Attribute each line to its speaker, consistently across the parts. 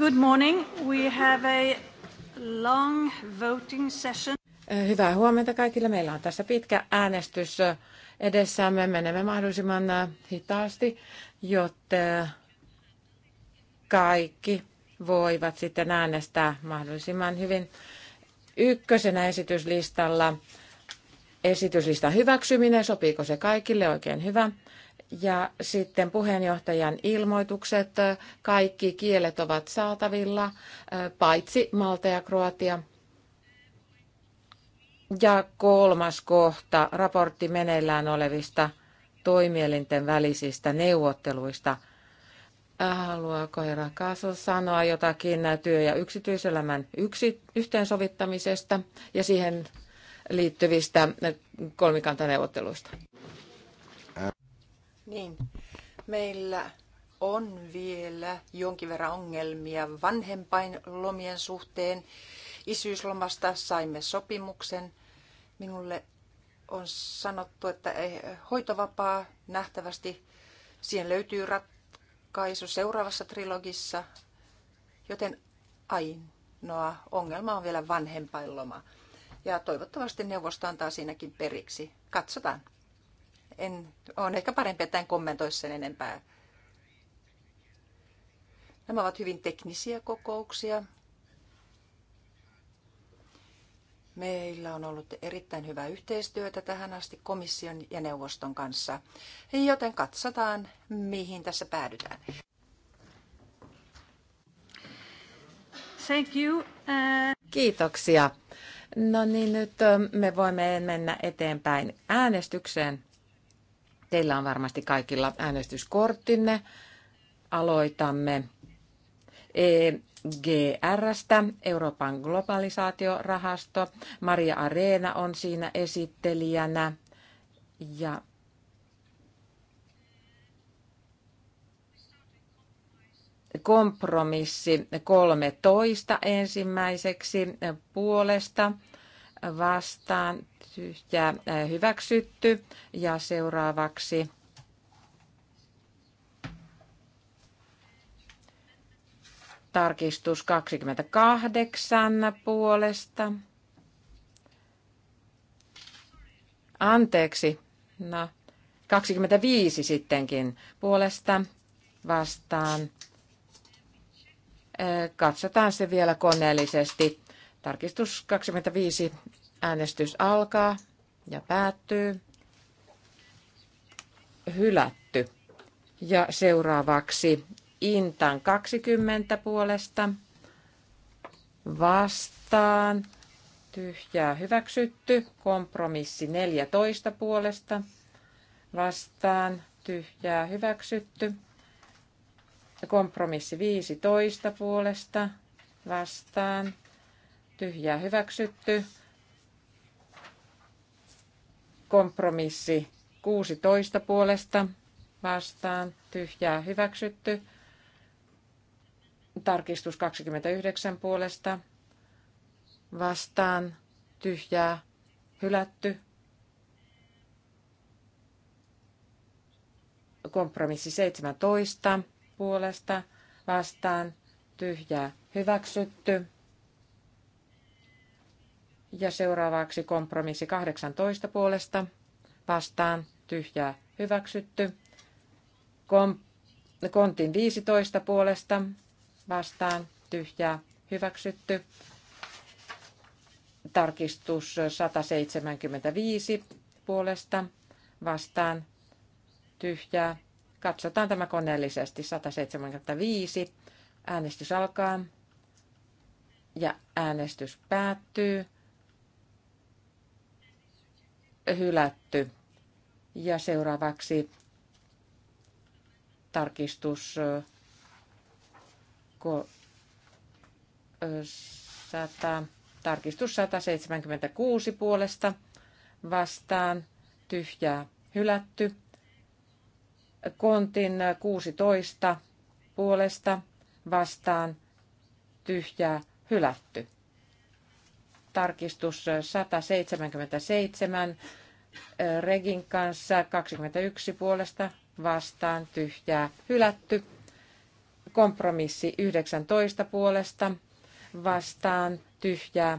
Speaker 1: Good morning. We have a long voting session.
Speaker 2: Eh, hyvää huomenta kaikille. Meillä on tässä pitkä äänestys eh, edessämme. Menemme mahdollisimman eh, hitaasti, jotta kaikki voivat sitten äänestää mahdollisimman hyvin. Ykkösenä esityslistalla esityslistan hyväksyminen. Sopiiko se kaikille? Oikein hyvä. Ja sitten puheenjohtajan ilmoitukset. Kaikki kielet ovat saatavilla, paitsi Malta ja Kroatia. Ja kolmas kohta, raportti meneillään olevista toimielinten välisistä neuvotteluista. Haluaako herra Kaaso sanoa jotakin työ- ja yksityiselämän yksi, yhteensovittamisesta ja siihen liittyvistä kolmikantaneuvotteluista?
Speaker 1: Niin, meillä on vielä jonkin verran ongelmia vanhempain lomien suhteen. Isyyslomasta saimme sopimuksen. Minulle on sanottu, että hoitovapaa nähtävästi, siihen löytyy ratkaisu seuraavassa trilogissa, joten ainoa ongelma on vielä vanhempainloma. Ja toivottavasti neuvosto antaa siinäkin periksi. Katsotaan en, on ehkä parempi, että en kommentoi sen enempää. Nämä ovat hyvin teknisiä kokouksia. Meillä on ollut erittäin hyvää yhteistyötä tähän asti komission ja neuvoston kanssa, joten katsotaan, mihin tässä päädytään.
Speaker 2: Thank you. Uh... Kiitoksia. No niin, nyt me voimme mennä eteenpäin äänestykseen. Teillä on varmasti kaikilla äänestyskorttinne. Aloitamme EGRstä, Euroopan globalisaatiorahasto. Maria Areena on siinä esittelijänä. Ja kompromissi 13 ensimmäiseksi puolesta vastaan tyhjää hyväksytty. Ja seuraavaksi tarkistus 28 puolesta. Anteeksi, no 25 sittenkin puolesta vastaan. Katsotaan se vielä koneellisesti. Tarkistus 25 Äänestys alkaa ja päättyy. Hylätty. Ja seuraavaksi Intan 20 puolesta vastaan. Tyhjää hyväksytty. Kompromissi 14 puolesta vastaan. Tyhjää hyväksytty. Kompromissi 15 puolesta vastaan. Tyhjää hyväksytty. Kompromissi 16 puolesta vastaan tyhjää hyväksytty. Tarkistus 29 puolesta vastaan tyhjää hylätty. Kompromissi 17 puolesta vastaan tyhjää hyväksytty. Ja seuraavaksi kompromissi 18 puolesta vastaan tyhjää hyväksytty. Kom- kontin 15 puolesta vastaan tyhjää hyväksytty. Tarkistus 175 puolesta vastaan tyhjää. Katsotaan tämä koneellisesti. 175. Äänestys alkaa ja äänestys päättyy hylätty. Ja seuraavaksi tarkistus 100, tarkistus 176 puolesta vastaan tyhjää hylätty. Kontin 16 puolesta vastaan tyhjää hylätty. Tarkistus 177 Regin kanssa 21 puolesta vastaan tyhjää hylätty. Kompromissi 19 puolesta vastaan tyhjää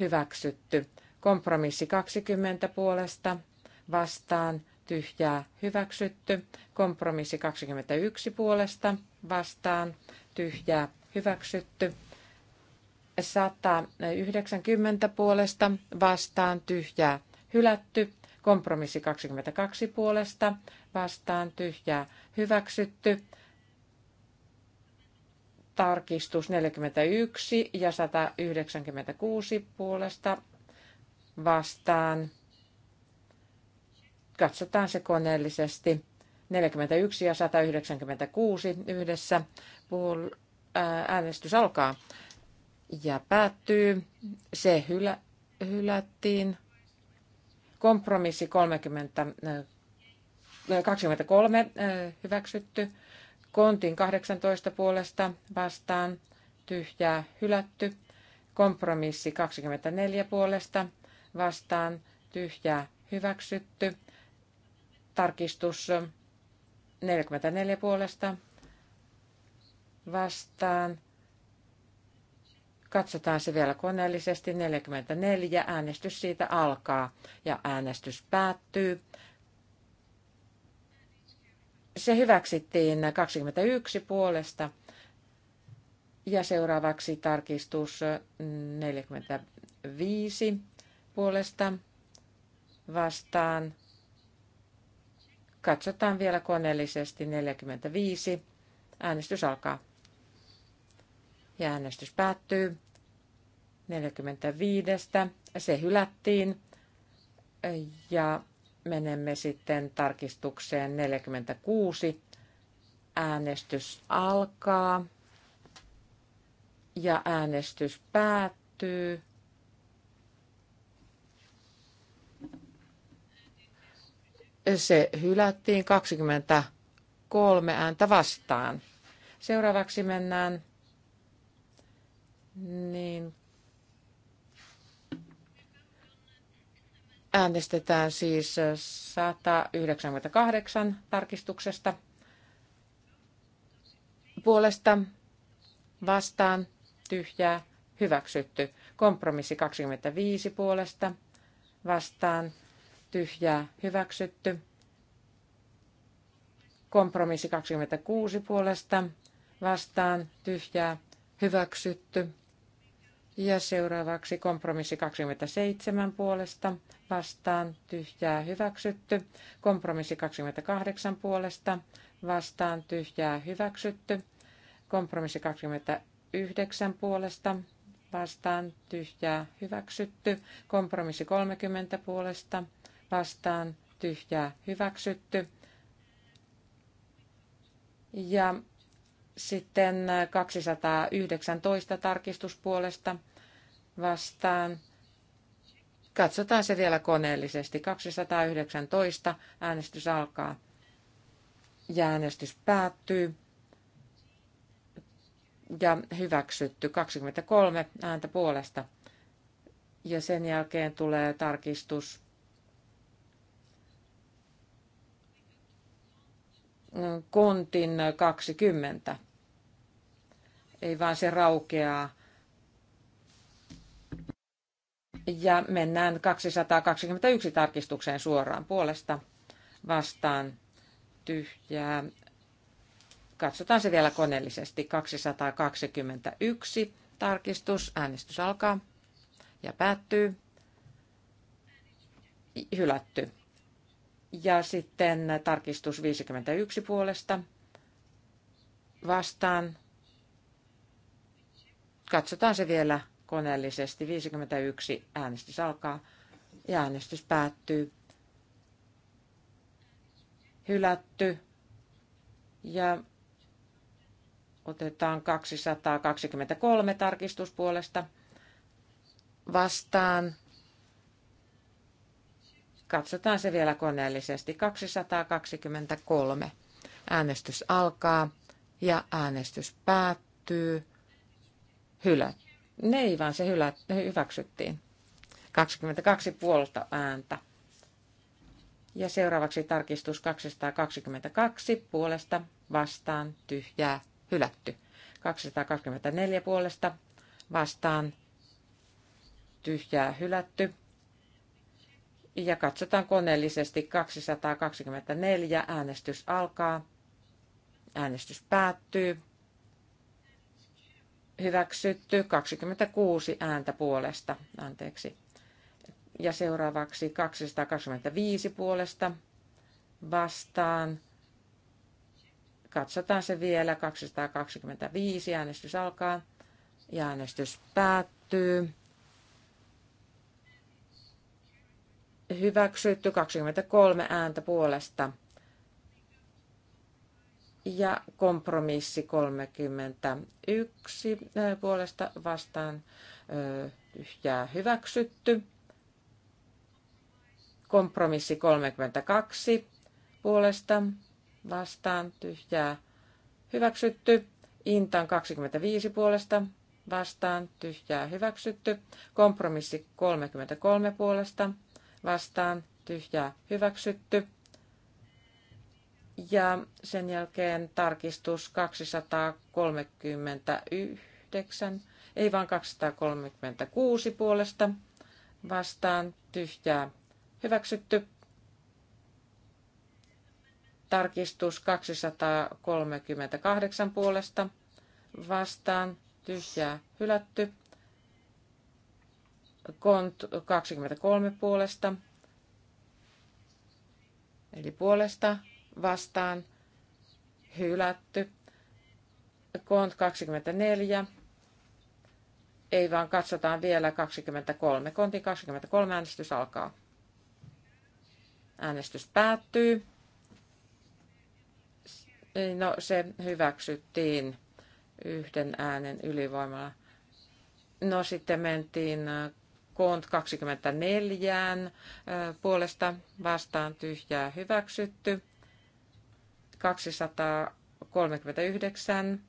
Speaker 2: hyväksytty. Kompromissi 20 puolesta vastaan tyhjää hyväksytty. Kompromissi 21 puolesta vastaan tyhjää hyväksytty. 190 puolesta vastaan tyhjää hylätty. Kompromissi 22 puolesta vastaan tyhjää hyväksytty. Tarkistus 41 ja 196 puolesta vastaan. Katsotaan se koneellisesti. 41 ja 196 yhdessä. Puol- äänestys alkaa ja päättyy. Se hylä- hylättiin. Kompromissi 30, 23 hyväksytty. Kontin 18 puolesta vastaan tyhjää hylätty. Kompromissi 24 puolesta vastaan tyhjää hyväksytty. Tarkistus 44 puolesta vastaan Katsotaan se vielä koneellisesti. 44. Äänestys siitä alkaa ja äänestys päättyy. Se hyväksyttiin 21 puolesta. Ja seuraavaksi tarkistus 45 puolesta vastaan. Katsotaan vielä koneellisesti 45. Äänestys alkaa. Ja äänestys päättyy 45. Se hylättiin. Ja menemme sitten tarkistukseen 46. Äänestys alkaa ja äänestys päättyy. Se hylättiin 23 ääntä vastaan. Seuraavaksi mennään niin. Äänestetään siis 198 tarkistuksesta puolesta vastaan tyhjää hyväksytty. Kompromissi 25 puolesta vastaan tyhjää hyväksytty. Kompromissi 26 puolesta vastaan tyhjää hyväksytty. Ja seuraavaksi kompromissi 27 puolesta vastaan tyhjää hyväksytty. Kompromissi 28 puolesta vastaan tyhjää hyväksytty. Kompromissi 29 puolesta vastaan tyhjää hyväksytty. Kompromissi 30 puolesta vastaan tyhjää hyväksytty. Ja sitten 219 äh, tarkistuspuolesta vastaan. Katsotaan se vielä koneellisesti. 219 äänestys alkaa ja äänestys päättyy. Ja hyväksytty 23 ääntä puolesta. Ja sen jälkeen tulee tarkistus kontin 20. Ei vaan se raukeaa. Ja mennään 221 tarkistukseen suoraan puolesta vastaan tyhjää. Katsotaan se vielä koneellisesti. 221 tarkistus. Äänestys alkaa ja päättyy. Hylätty. Ja sitten tarkistus 51 puolesta vastaan. Katsotaan se vielä koneellisesti. 51 äänestys alkaa ja äänestys päättyy. Hylätty. Ja otetaan 223 tarkistuspuolesta vastaan Katsotaan se vielä koneellisesti. 223. Äänestys alkaa ja äänestys päättyy. Hylä. Ne ei vaan se hylä, hyväksyttiin. 22 puolta ääntä. Ja seuraavaksi tarkistus 222 puolesta vastaan tyhjää hylätty. 224 puolesta vastaan tyhjää hylätty ja katsotaan koneellisesti 224. Äänestys alkaa. Äänestys päättyy. Hyväksytty 26 ääntä puolesta. Anteeksi. Ja seuraavaksi 225 puolesta vastaan. Katsotaan se vielä. 225 äänestys alkaa ja äänestys päättyy. hyväksytty 23 ääntä puolesta ja kompromissi 31 puolesta vastaan tyhjää hyväksytty. Kompromissi 32 puolesta vastaan tyhjää hyväksytty. Intan 25 puolesta vastaan tyhjää hyväksytty. Kompromissi 33 puolesta vastaan tyhjää hyväksytty. Ja sen jälkeen tarkistus 239, ei vaan 236 puolesta vastaan tyhjää hyväksytty. Tarkistus 238 puolesta vastaan tyhjää hylätty. Kont 23 puolesta. Eli puolesta vastaan hylätty. Kont 24. Ei vaan katsotaan vielä 23. Kontin 23 äänestys alkaa. Äänestys päättyy. No se hyväksyttiin yhden äänen ylivoimalla. No sitten mentiin Kont 24 puolesta vastaan tyhjää hyväksytty. 239,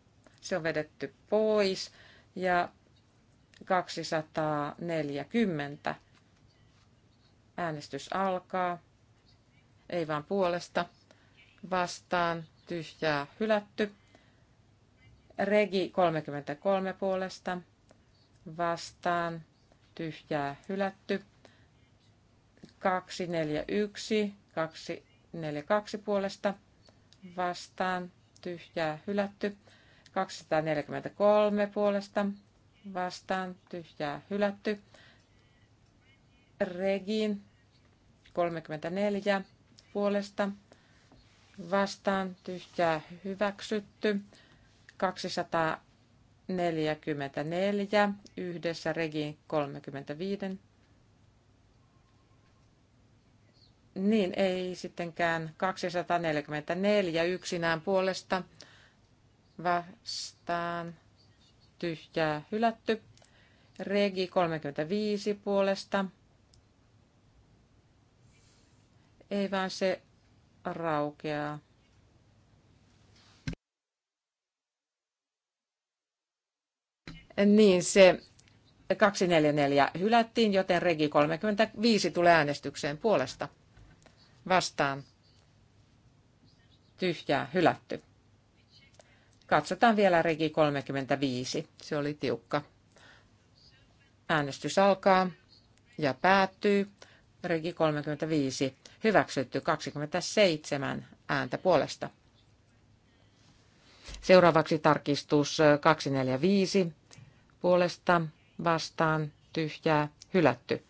Speaker 2: se on vedetty pois. Ja 240, äänestys alkaa. Ei vaan puolesta, vastaan tyhjää hylätty. Regi 33 puolesta, vastaan tyhjää hylätty. 241, 242 puolesta vastaan tyhjää hylätty. 243 puolesta vastaan tyhjää hylätty. Regin 34 puolesta vastaan tyhjää hyväksytty. 200 44 yhdessä Regi 35. Niin, ei sittenkään 244 yksinään puolesta vastaan tyhjää hylätty. Regi 35 puolesta. Ei vaan se raukeaa. niin se 244 hylättiin, joten Regi 35 tulee äänestykseen puolesta. Vastaan. Tyhjää, hylätty. Katsotaan vielä Regi 35. Se oli tiukka. Äänestys alkaa ja päättyy. Regi 35. Hyväksytty 27 ääntä puolesta. Seuraavaksi tarkistus 245 puolesta vastaan tyhjää hylätty.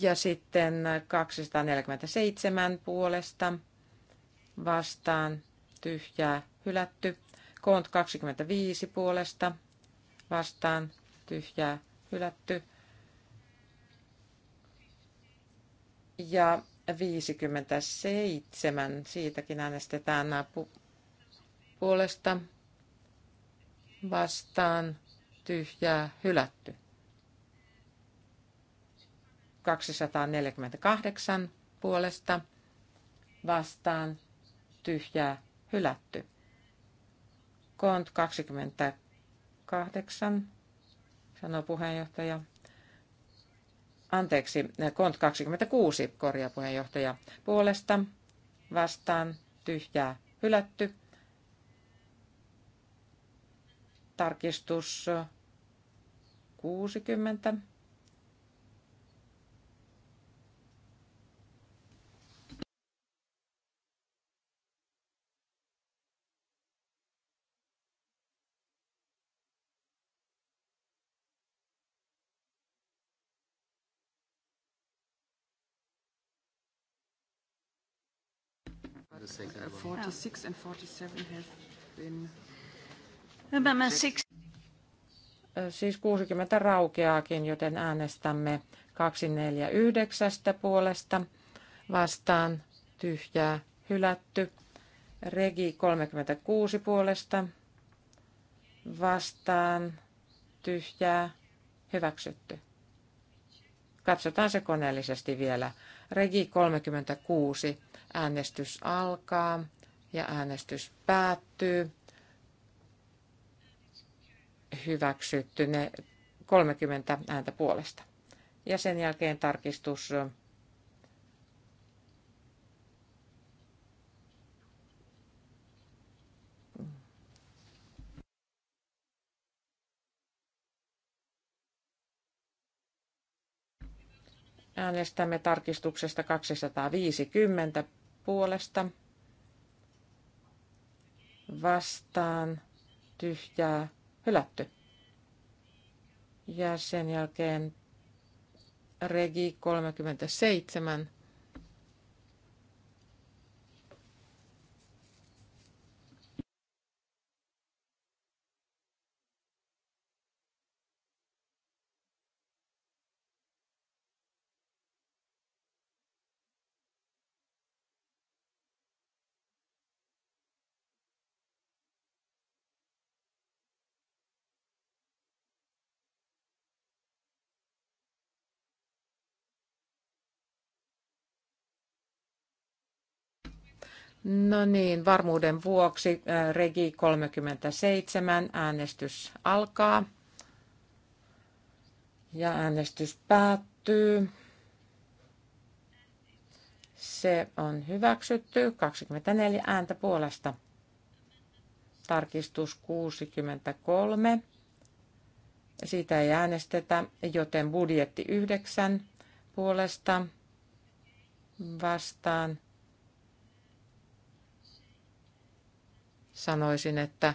Speaker 2: Ja sitten 247 puolesta vastaan tyhjää hylätty. Koont 25 puolesta vastaan tyhjää hylätty. Ja 57, siitäkin äänestetään puolesta vastaan tyhjää hylätty. 248 puolesta vastaan tyhjää hylätty. Kont 28, sanoo puheenjohtaja. Anteeksi, kont 26, korjaa puheenjohtaja. Puolesta vastaan tyhjää hylätty. Tarkistus 60.
Speaker 1: Forty six and forty seven have been
Speaker 2: Siis 60 raukeaakin, joten äänestämme 249 puolesta vastaan tyhjää hylätty. Regi 36 puolesta vastaan tyhjää hyväksytty. Katsotaan se koneellisesti vielä. Regi 36 äänestys alkaa ja äänestys päättyy hyväksytty ne 30 ääntä puolesta. Ja sen jälkeen tarkistus Äänestämme tarkistuksesta 250 puolesta vastaan tyhjää hylätty. Ja sen jälkeen Regi 37 No niin, varmuuden vuoksi äh, Regi 37 äänestys alkaa ja äänestys päättyy. Se on hyväksytty 24 ääntä puolesta. Tarkistus 63. Siitä ei äänestetä, joten budjetti 9 puolesta vastaan Sanoisin, että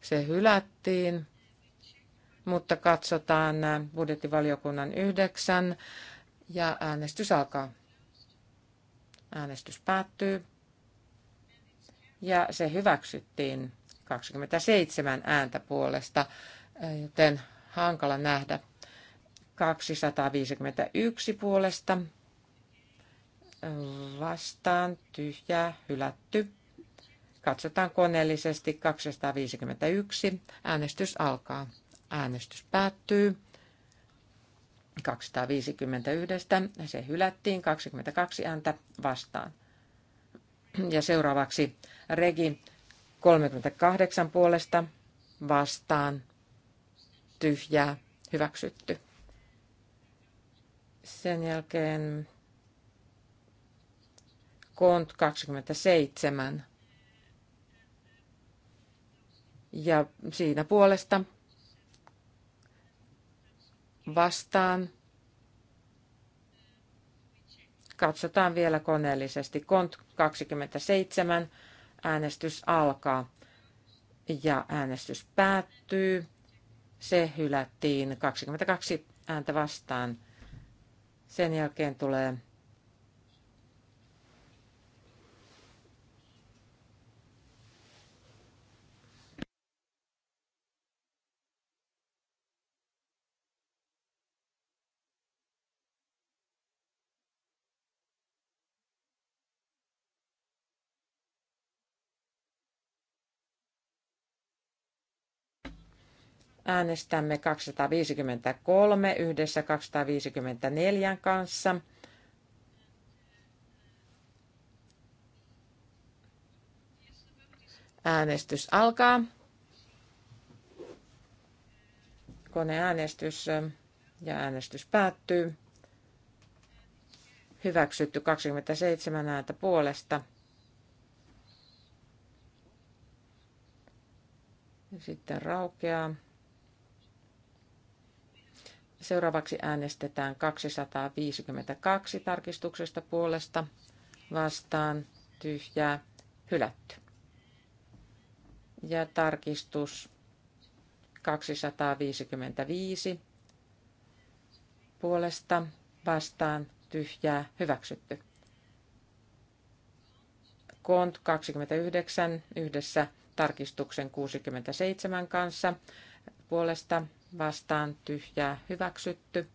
Speaker 2: se hylättiin, mutta katsotaan budjettivaliokunnan yhdeksän ja äänestys alkaa. Äänestys päättyy ja se hyväksyttiin 27 ääntä puolesta, joten hankala nähdä 251 puolesta vastaan tyhjää hylätty Katsotaan koneellisesti 251. Äänestys alkaa. Äänestys päättyy. 251. Se hylättiin 22 ääntä vastaan. Ja seuraavaksi Regi 38 puolesta vastaan tyhjää hyväksytty. Sen jälkeen Kont 27 ja siinä puolesta vastaan. Katsotaan vielä koneellisesti. Kont 27 äänestys alkaa ja äänestys päättyy. Se hylättiin 22 ääntä vastaan. Sen jälkeen tulee Äänestämme 253 yhdessä 254 kanssa. Äänestys alkaa. Koneäänestys ja äänestys päättyy. Hyväksytty 27 ääntä puolesta. Sitten raukeaa. Seuraavaksi äänestetään 252 tarkistuksesta puolesta vastaan tyhjää hylätty. Ja tarkistus 255 puolesta vastaan tyhjää hyväksytty. Kont 29 yhdessä tarkistuksen 67 kanssa puolesta vastaan tyhjää hyväksytty.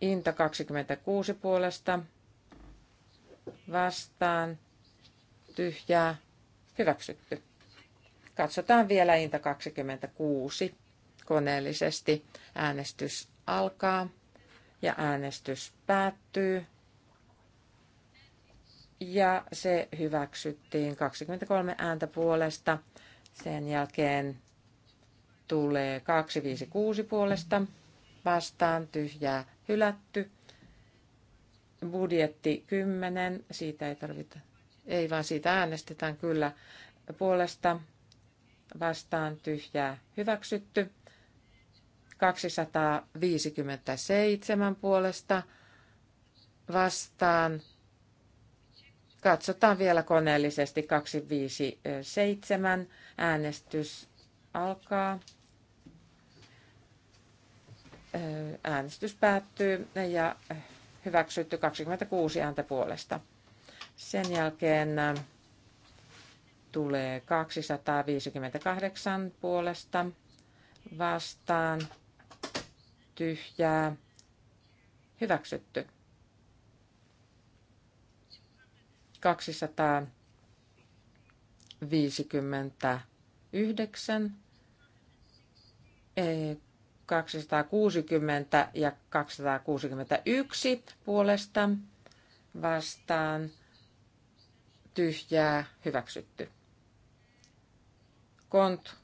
Speaker 2: Inta 26 puolesta vastaan tyhjää hyväksytty. Katsotaan vielä Inta 26 koneellisesti. Äänestys alkaa ja äänestys päättyy. Ja se hyväksyttiin 23 ääntä puolesta, sen jälkeen tulee 256 puolesta vastaan tyhjää hylätty. Budjetti 10, siitä ei tarvita, ei vaan siitä äänestetään kyllä puolesta vastaan tyhjää hyväksytty. 257 puolesta vastaan Katsotaan vielä koneellisesti 257. Äänestys alkaa. Äänestys päättyy ja hyväksytty 26 ääntä puolesta. Sen jälkeen tulee 258 puolesta vastaan tyhjää hyväksytty. 259, 260 e, ja 261 puolesta vastaan tyhjää hyväksytty. Kont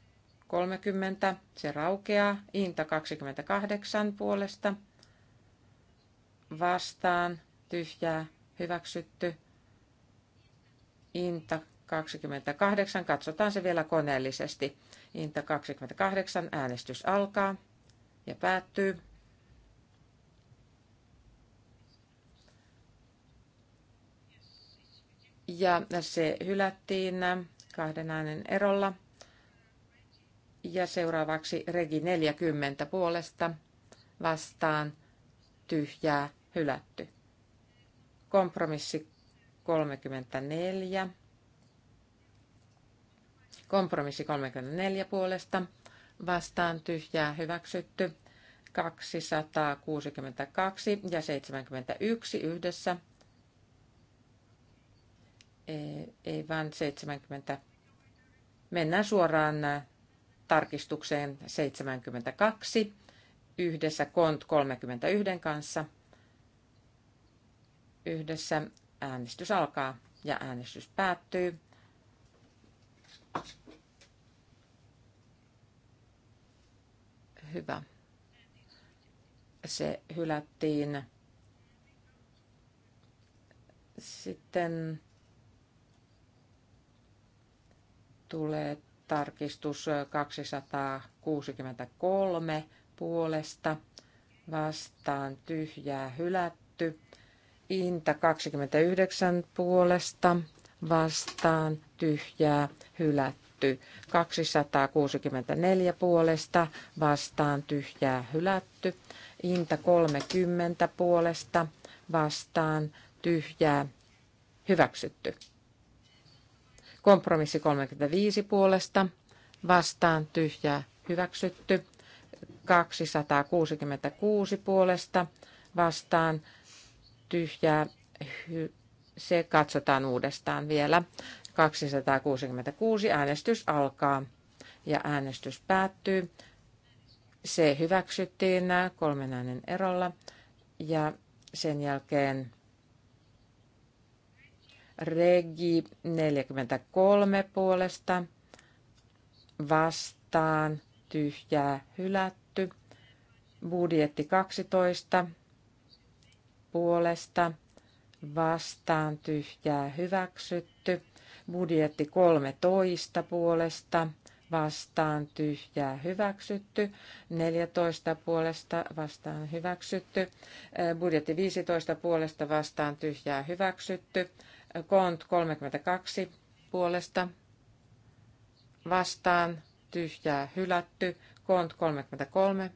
Speaker 2: 30, se raukeaa. Inta 28 puolesta vastaan tyhjää hyväksytty. Inta 28, katsotaan se vielä koneellisesti. Inta 28, äänestys alkaa ja päättyy. Ja se hylättiin kahden äänen erolla. Ja seuraavaksi Regi 40 puolesta vastaan tyhjää hylätty. Kompromissi 34. Kompromissi 34 puolesta vastaan tyhjää hyväksytty 262 ja 71 yhdessä. Ei, ei vaan 70. Mennään suoraan tarkistukseen 72 yhdessä KONT 31 kanssa. Yhdessä Äänestys alkaa ja äänestys päättyy. Hyvä. Se hylättiin. Sitten tulee tarkistus 263 puolesta vastaan tyhjää hylätty. Inta 29 puolesta vastaan tyhjää hylätty. 264 puolesta vastaan tyhjää hylätty. Inta 30 puolesta vastaan tyhjää hyväksytty. Kompromissi 35 puolesta vastaan tyhjää hyväksytty. 266 puolesta vastaan tyhjää. Se katsotaan uudestaan vielä. 266 äänestys alkaa ja äänestys päättyy. Se hyväksyttiin kolmen äänen erolla ja sen jälkeen Regi 43 puolesta vastaan tyhjää hylätty. Budjetti 12 puolesta vastaan tyhjää hyväksytty. Budjetti 13 puolesta vastaan tyhjää hyväksytty, 14 puolesta vastaan hyväksytty, äh, budjetti 15 puolesta vastaan tyhjää hyväksytty, kont 32 puolesta vastaan tyhjää hylätty, kont 33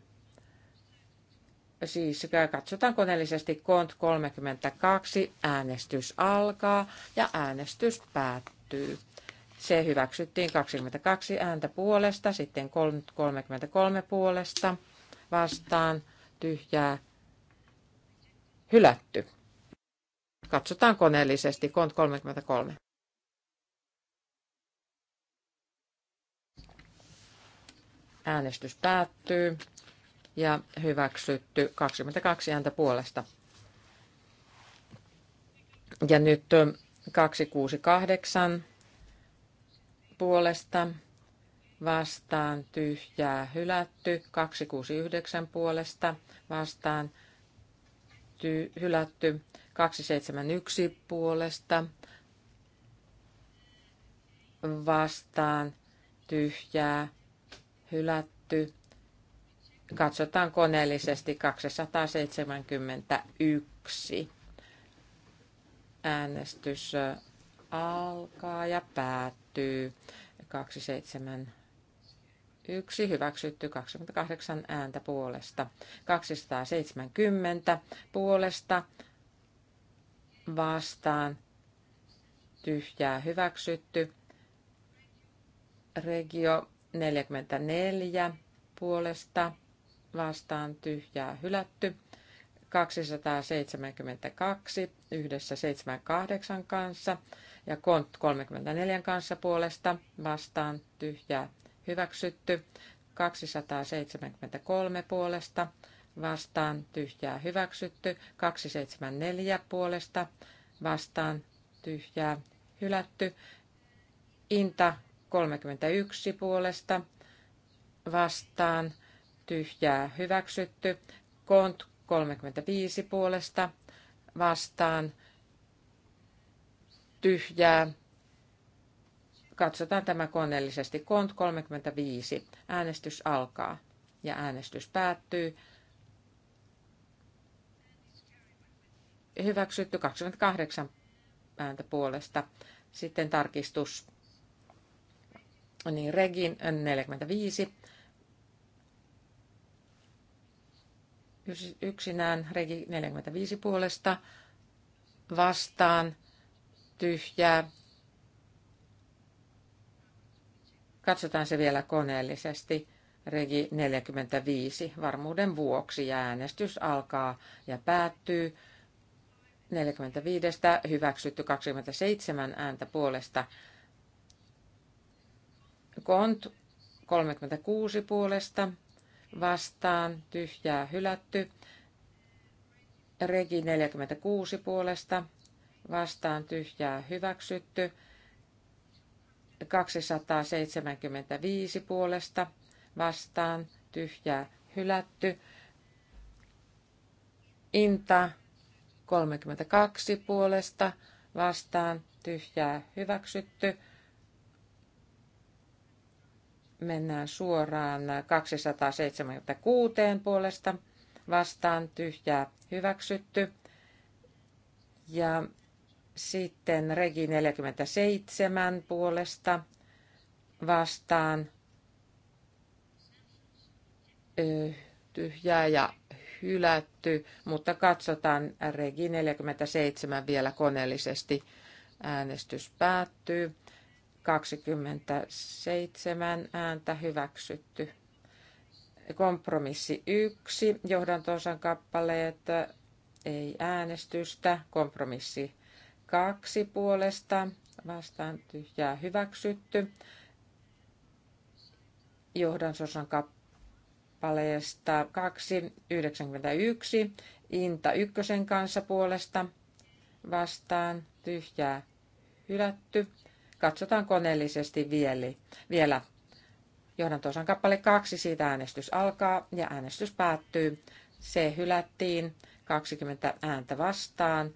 Speaker 2: Siis katsotaan koneellisesti kont 32, äänestys alkaa ja äänestys päättyy. Se hyväksyttiin 22 ääntä puolesta, sitten 33 puolesta vastaan tyhjää hylätty. Katsotaan koneellisesti kont 33. Äänestys päättyy ja hyväksytty 22 ääntä puolesta. Ja nyt 268 puolesta vastaan tyhjää hylätty, 269 puolesta vastaan ty- hylätty, 271 puolesta vastaan tyhjää hylätty, Katsotaan koneellisesti 271. Äänestys alkaa ja päättyy. 271 hyväksytty 28 ääntä puolesta. 270 puolesta vastaan tyhjää hyväksytty. Regio 44 puolesta vastaan tyhjää hylätty. 272 yhdessä 78 kanssa ja kont 34 kanssa puolesta vastaan tyhjää hyväksytty. 273 puolesta vastaan tyhjää hyväksytty. 274 puolesta vastaan tyhjää hylätty. Inta 31 puolesta vastaan tyhjää hyväksytty. Kont 35 puolesta vastaan tyhjää. Katsotaan tämä koneellisesti. Kont 35. Äänestys alkaa ja äänestys päättyy. Hyväksytty 28 ääntä puolesta. Sitten tarkistus. Niin Regin 45 yksinään regi 45 puolesta vastaan tyhjää. Katsotaan se vielä koneellisesti. Regi 45 varmuuden vuoksi ja äänestys alkaa ja päättyy. 45 hyväksytty 27 ääntä puolesta. Kont 36 puolesta vastaan, tyhjää hylätty. Regi 46 puolesta vastaan tyhjää hyväksytty. 275 puolesta vastaan tyhjää hylätty. Inta 32 puolesta vastaan tyhjää hyväksytty mennään suoraan 276 puolesta vastaan tyhjää hyväksytty. Ja sitten Regi 47 puolesta vastaan tyhjää ja hylätty, mutta katsotaan Regi 47 vielä koneellisesti. Äänestys päättyy. 27 ääntä hyväksytty. Kompromissi 1, johdantosan kappaleet, ei äänestystä. Kompromissi 2 puolesta, vastaan tyhjää hyväksytty. Johdantosan kappaleesta 2, 91, Inta ykkösen kanssa puolesta, vastaan tyhjää hylätty. Katsotaan koneellisesti vielä. vielä. Johdantosan kappale 2, siitä äänestys alkaa ja äänestys päättyy. Se hylättiin 20 ääntä vastaan.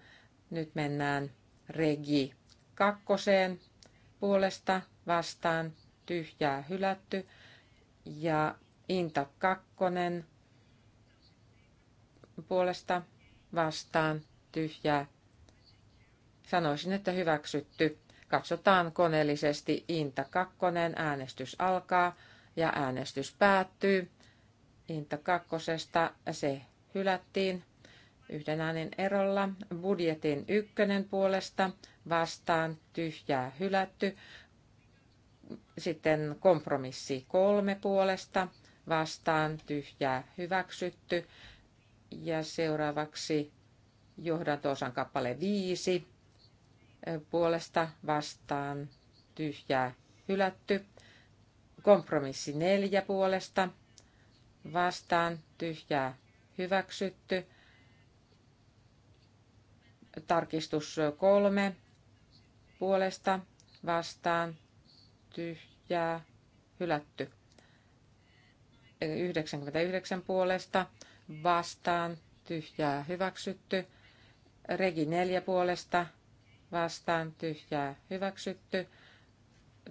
Speaker 2: Nyt mennään regi kakkoseen puolesta vastaan tyhjää hylätty ja Inta kakkonen puolesta vastaan tyhjää. Sanoisin, että hyväksytty. Katsotaan koneellisesti Inta 2, äänestys alkaa ja äänestys päättyy. Inta 2, se hylättiin yhden äänen erolla. Budjetin ykkönen puolesta vastaan tyhjää hylätty. Sitten kompromissi kolme puolesta vastaan tyhjää hyväksytty. Ja seuraavaksi johdanto-osan kappale viisi puolesta vastaan tyhjää hylätty. Kompromissi neljä puolesta vastaan tyhjää hyväksytty. Tarkistus kolme puolesta vastaan tyhjää hylätty. 99 puolesta vastaan tyhjää hyväksytty. Regi neljä puolesta vastaan tyhjää hyväksytty.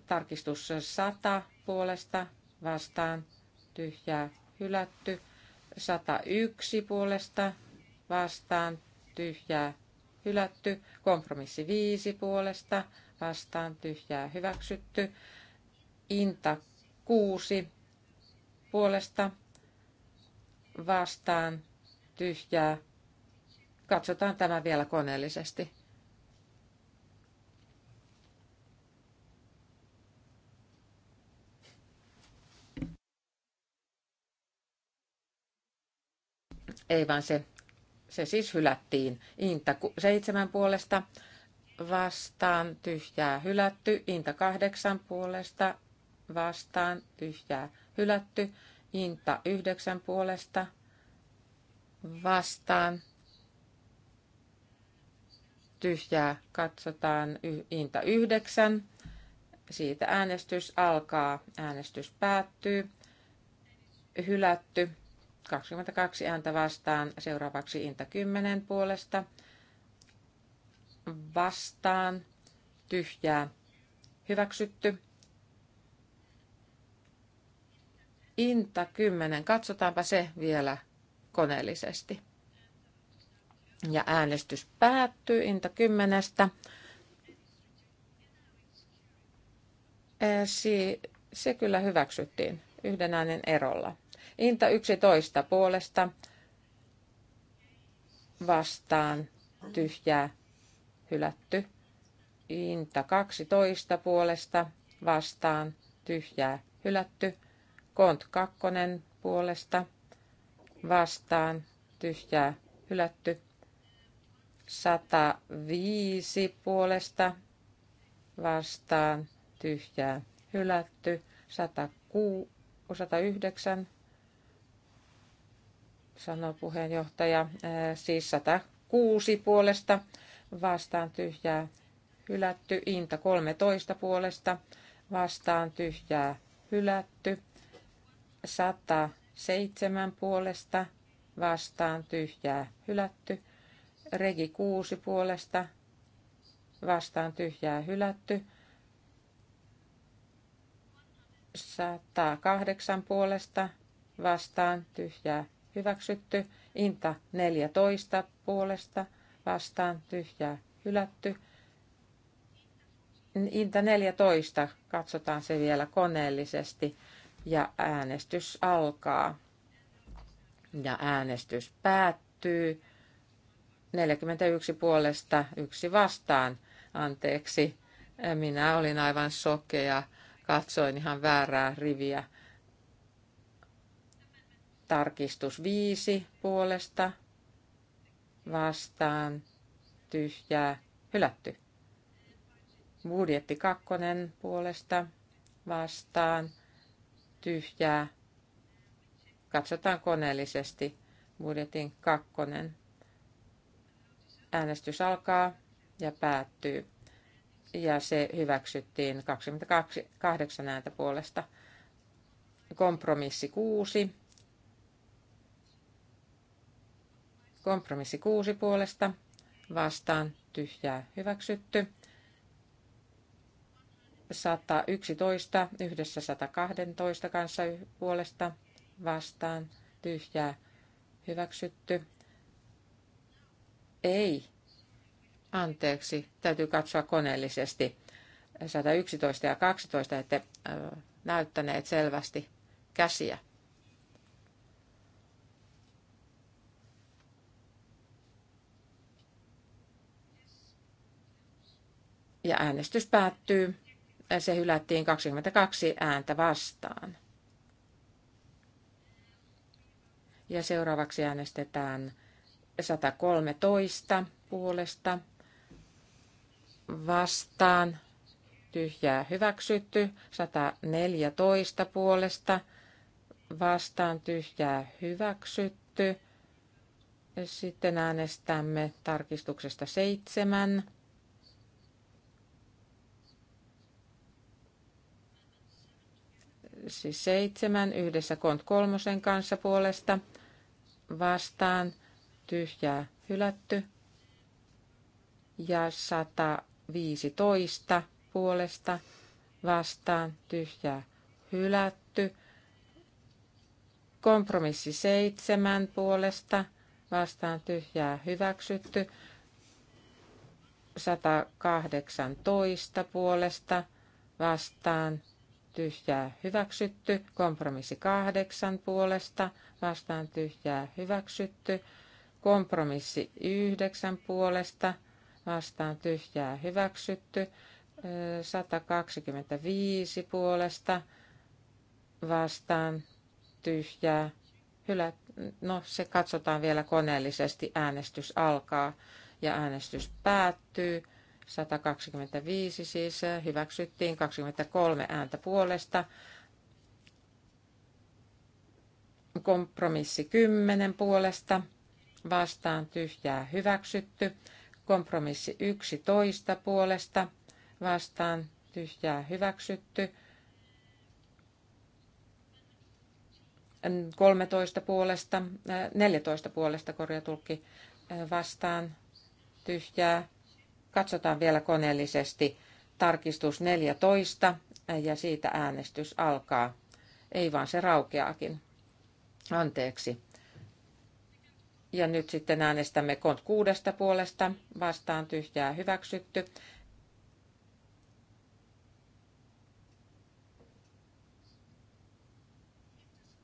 Speaker 2: Tarkistus 100 puolesta vastaan tyhjää hylätty. 101 puolesta vastaan tyhjää hylätty. Kompromissi 5 puolesta vastaan tyhjää hyväksytty. Inta 6 puolesta vastaan tyhjää. Katsotaan tämä vielä koneellisesti. Ei vaan se, se siis hylättiin. Inta seitsemän puolesta vastaan tyhjää hylätty. Inta kahdeksan puolesta vastaan tyhjää hylätty. Inta yhdeksän puolesta vastaan tyhjää. Katsotaan Inta yhdeksän. Siitä äänestys alkaa, äänestys päättyy, hylätty. 22 ääntä vastaan. Seuraavaksi Inta 10 puolesta. Vastaan. Tyhjää. Hyväksytty. Inta 10. Katsotaanpa se vielä koneellisesti. Ja äänestys päättyy Inta 10. Eh, se, se kyllä hyväksyttiin yhden äänen erolla. Inta 11 puolesta vastaan tyhjää hylätty. Inta 12 puolesta vastaan tyhjää hylätty. Kont 2 puolesta vastaan tyhjää hylätty. 105 puolesta vastaan tyhjää hylätty. 106, 109 sanoo puheenjohtaja, äh, siis 106 puolesta vastaan tyhjää hylätty, Inta 13 puolesta vastaan tyhjää hylätty, 107 puolesta vastaan tyhjää hylätty, Regi 6 puolesta vastaan tyhjää hylätty, 108 puolesta vastaan tyhjää hyväksytty. Inta 14 puolesta vastaan tyhjää hylätty. Inta 14, katsotaan se vielä koneellisesti ja äänestys alkaa. Ja äänestys päättyy. 41 puolesta, yksi vastaan. Anteeksi, minä olin aivan sokea, katsoin ihan väärää riviä. Tarkistus 5 puolesta vastaan tyhjää hylätty. Budjetti 2 puolesta vastaan tyhjää. Katsotaan koneellisesti budjetin 2. Äänestys alkaa ja päättyy. Ja se hyväksyttiin 28 ääntä puolesta. Kompromissi 6 Kompromissi kuusi puolesta vastaan tyhjää hyväksytty. 111 yhdessä 112 kanssa puolesta vastaan tyhjää hyväksytty. Ei. Anteeksi, täytyy katsoa koneellisesti. 111 ja 12 ette näyttäneet selvästi käsiä. Ja äänestys päättyy. Se hylättiin 22 ääntä vastaan. Ja seuraavaksi äänestetään 113 puolesta vastaan. Tyhjää hyväksytty. 114 puolesta vastaan tyhjää hyväksytty. Sitten äänestämme tarkistuksesta 7 siis seitsemän yhdessä kont kolmosen kanssa puolesta vastaan tyhjää hylätty ja 115 puolesta vastaan tyhjää hylätty. Kompromissi seitsemän puolesta vastaan tyhjää hyväksytty. 118 puolesta vastaan tyhjää hyväksytty. Kompromissi kahdeksan puolesta vastaan tyhjää hyväksytty. Kompromissi yhdeksän puolesta vastaan tyhjää hyväksytty. 125 puolesta vastaan tyhjää hylä, No se katsotaan vielä koneellisesti. Äänestys alkaa ja äänestys päättyy. 125 siis eh, hyväksyttiin, 23 ääntä puolesta. Kompromissi 10 puolesta, vastaan tyhjää hyväksytty. Kompromissi 11 puolesta, vastaan tyhjää hyväksytty. 13 puolesta, 14 eh, puolesta korjatulkki eh, vastaan tyhjää Katsotaan vielä koneellisesti tarkistus 14 ja siitä äänestys alkaa. Ei vaan se raukeakin. Anteeksi. Ja nyt sitten äänestämme kont kuudesta puolesta vastaan tyhjää hyväksytty.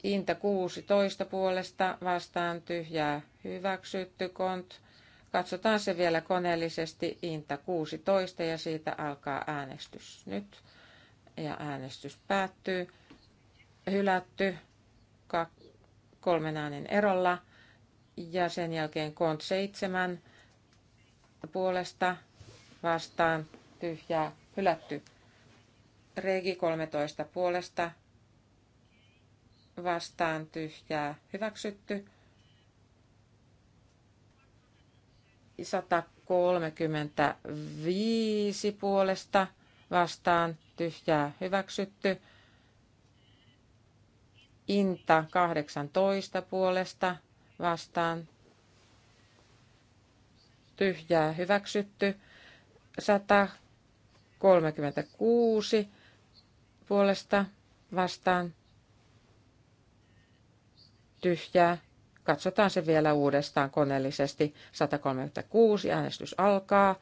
Speaker 2: Inta 16 puolesta vastaan tyhjää hyväksytty kont Katsotaan se vielä koneellisesti. Inta 16 ja siitä alkaa äänestys nyt. Ja äänestys päättyy. Hylätty kolmen äänen erolla. Ja sen jälkeen kont 7 puolesta vastaan tyhjää hylätty. Regi 13 puolesta vastaan tyhjää hyväksytty. 135 puolesta vastaan tyhjää hyväksytty. Inta 18 puolesta vastaan tyhjää hyväksytty. 136 puolesta vastaan tyhjää Katsotaan se vielä uudestaan koneellisesti. 136 äänestys alkaa.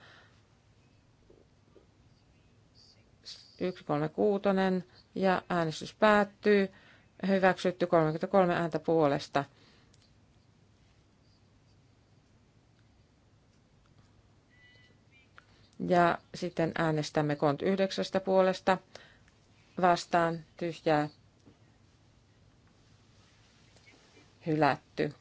Speaker 2: 136 ja äänestys päättyy. Hyväksytty 33 ääntä puolesta. Ja sitten äänestämme kont 9 puolesta vastaan tyhjää hylätty.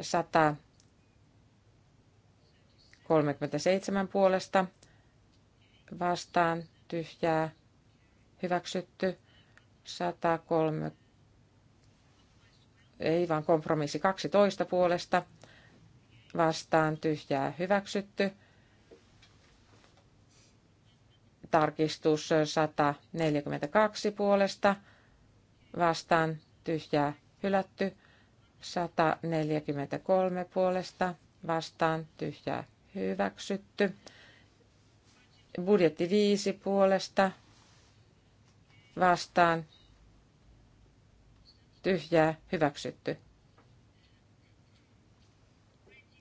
Speaker 2: 137 puolesta vastaan tyhjää hyväksytty. 103 ei vaan kompromissi 12 puolesta vastaan tyhjää hyväksytty. Tarkistus 142 puolesta vastaan tyhjää hylätty. 143 puolesta vastaan tyhjää hyväksytty. Budjetti 5 puolesta vastaan tyhjää hyväksytty.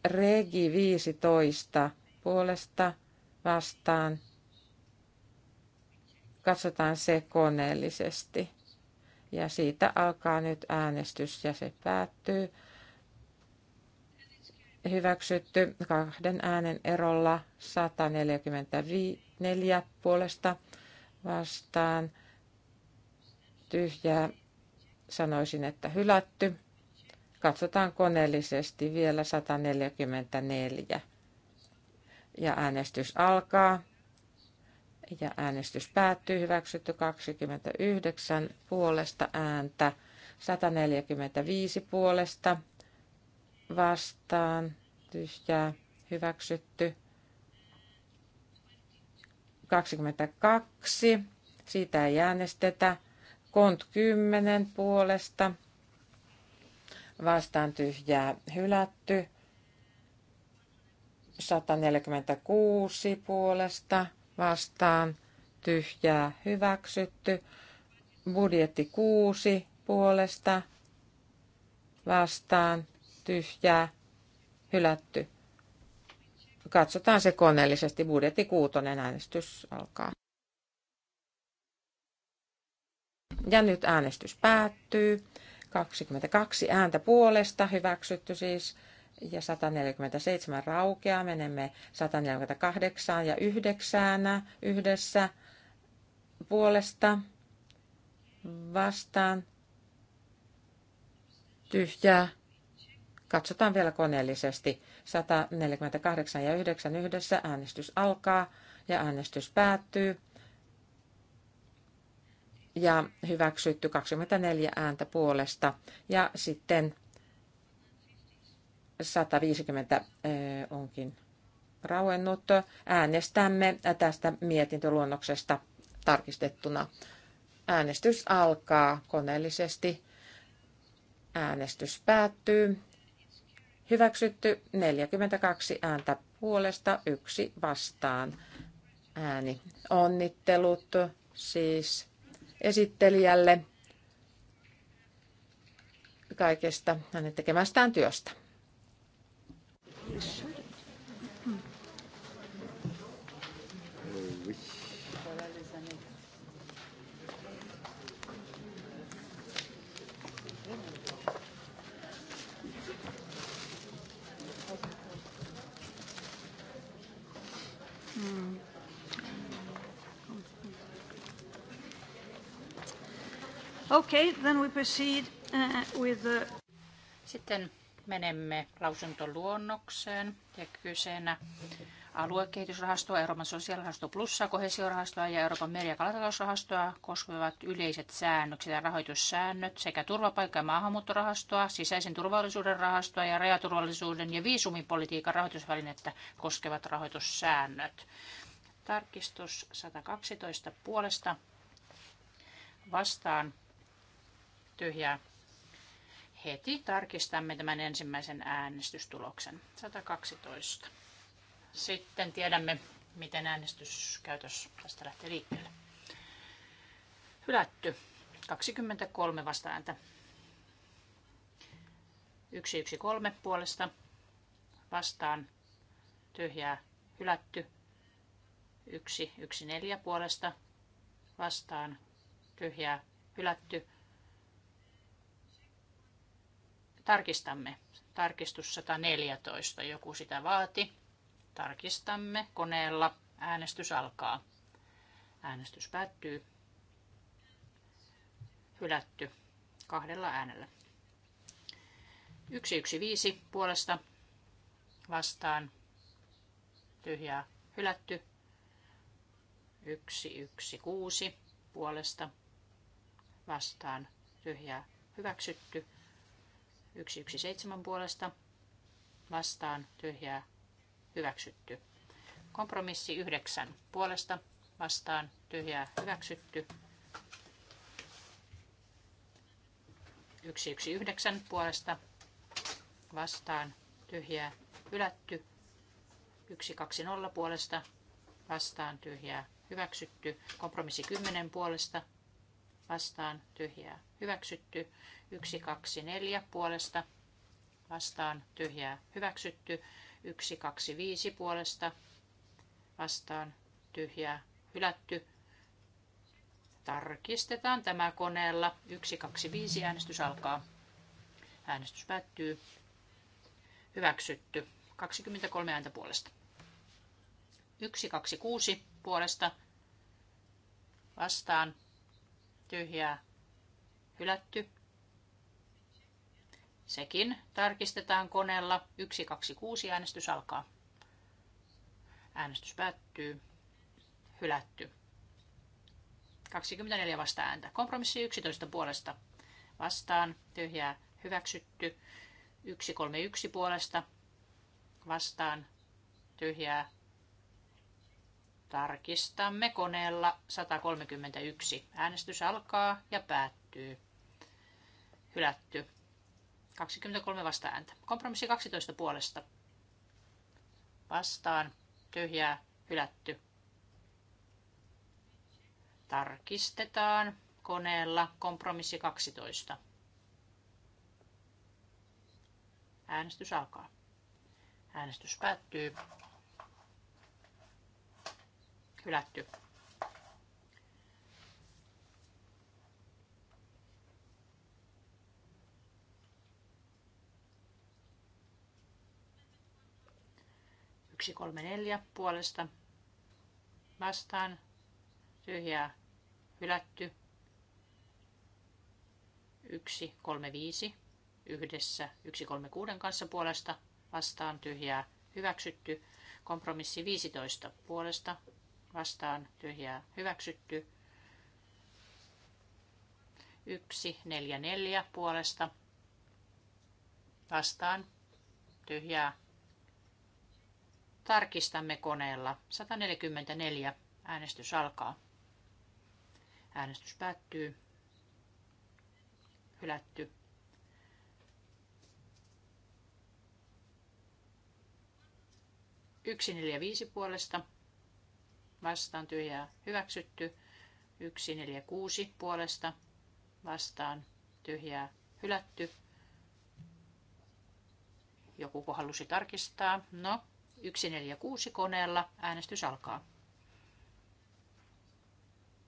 Speaker 2: Regi 15 puolesta vastaan. Katsotaan se koneellisesti. Ja siitä alkaa nyt äänestys ja se päättyy. Hyväksytty kahden äänen erolla 144 puolesta vastaan. Tyhjää sanoisin, että hylätty. Katsotaan koneellisesti vielä 144. Ja äänestys alkaa. Ja äänestys päättyy. Hyväksytty 29 puolesta ääntä, 145 puolesta vastaan, tyhjää, hyväksytty. 22, siitä ei äänestetä. Kont 10 puolesta, vastaan tyhjää, hylätty. 146 puolesta vastaan tyhjää hyväksytty. Budjetti 6 puolesta vastaan tyhjää hylätty. Katsotaan se koneellisesti. Budjetti kuutonen äänestys alkaa. Ja nyt äänestys päättyy. 22 ääntä puolesta hyväksytty siis ja 147 raukeaa. Menemme 148 ja 9 yhdessä puolesta vastaan tyhjää. Katsotaan vielä koneellisesti. 148 ja 9 yhdessä äänestys alkaa ja äänestys päättyy. Ja hyväksytty 24 ääntä puolesta. Ja sitten 150 onkin rauennut. Äänestämme tästä mietintöluonnoksesta tarkistettuna. Äänestys alkaa koneellisesti. Äänestys päättyy. Hyväksytty 42 ääntä puolesta, yksi vastaan ääni. Onnittelut siis esittelijälle kaikesta hänen tekemästään työstä.
Speaker 3: Okay, then we proceed uh, with the... Sitten menemme lausuntoluonnokseen ja kyseenä aluekehitysrahastoa, Euroopan sosiaalirahasto plussaa, kohesiorahastoa ja Euroopan meri- ja kalatalousrahastoa koskevat yleiset säännökset ja rahoitussäännöt sekä turvapaikka- ja maahanmuuttorahastoa, sisäisen turvallisuuden rahastoa ja rajaturvallisuuden ja viisumipolitiikan rahoitusvälinettä koskevat rahoitussäännöt. Tarkistus 112 puolesta vastaan tyhjää heti tarkistamme tämän ensimmäisen äänestystuloksen. 112. Sitten tiedämme, miten äänestyskäytös tästä lähtee liikkeelle. Hylätty. 23 vastaääntä. 113 puolesta vastaan tyhjää hylätty. 114 puolesta vastaan tyhjää hylätty. Tarkistamme. Tarkistus 114. Joku sitä vaati. Tarkistamme koneella. Äänestys alkaa. Äänestys päättyy. Hylätty kahdella äänellä. 115 puolesta vastaan tyhjää hylätty. 116 puolesta vastaan tyhjää hyväksytty. 117 puolesta vastaan tyhjää hyväksytty. Kompromissi 9 puolesta vastaan tyhjää hyväksytty. 119 puolesta vastaan tyhjää hylätty. 120 puolesta vastaan tyhjää hyväksytty. Kompromissi 10 puolesta vastaan tyhjää hyväksytty. 1, 2, 4 puolesta vastaan tyhjää hyväksytty. 1, 2, 5 puolesta vastaan tyhjää hylätty. Tarkistetaan tämä koneella. 1, 2, 5 äänestys alkaa. Äänestys päättyy. Hyväksytty. 23 ääntä puolesta. 1, 2, 6 puolesta vastaan tyhjää hylätty. Sekin tarkistetaan koneella. 126 äänestys alkaa. Äänestys päättyy. Hylätty. 24 vasta ääntä. Kompromissi 11 puolesta. Vastaan. Tyhjää. Hyväksytty. 131 puolesta. Vastaan. Tyhjää. Tarkistamme koneella 131. Äänestys alkaa ja päättyy. Hylätty. 23 ääntä. Kompromissi 12 puolesta. Vastaan. Tyhjää. Hylätty. Tarkistetaan koneella kompromissi 12. Äänestys alkaa. Äänestys päättyy. Hylätty. Yksi, kolme, neljä puolesta. Vastaan. Tyhjää. Hylätty. Yksi, kolme, viisi. Yhdessä. Yksi, kolme, kuuden kanssa puolesta. Vastaan. Tyhjää. Hyväksytty. Kompromissi 15 puolesta vastaan tyhjää hyväksytty. neljä puolesta vastaan tyhjää. Tarkistamme koneella. 144 äänestys alkaa. Äänestys päättyy. Hylätty. viisi puolesta vastaan tyhjää hyväksytty. 146 puolesta vastaan tyhjää hylätty. Joku halusi tarkistaa. No, 146 koneella äänestys alkaa.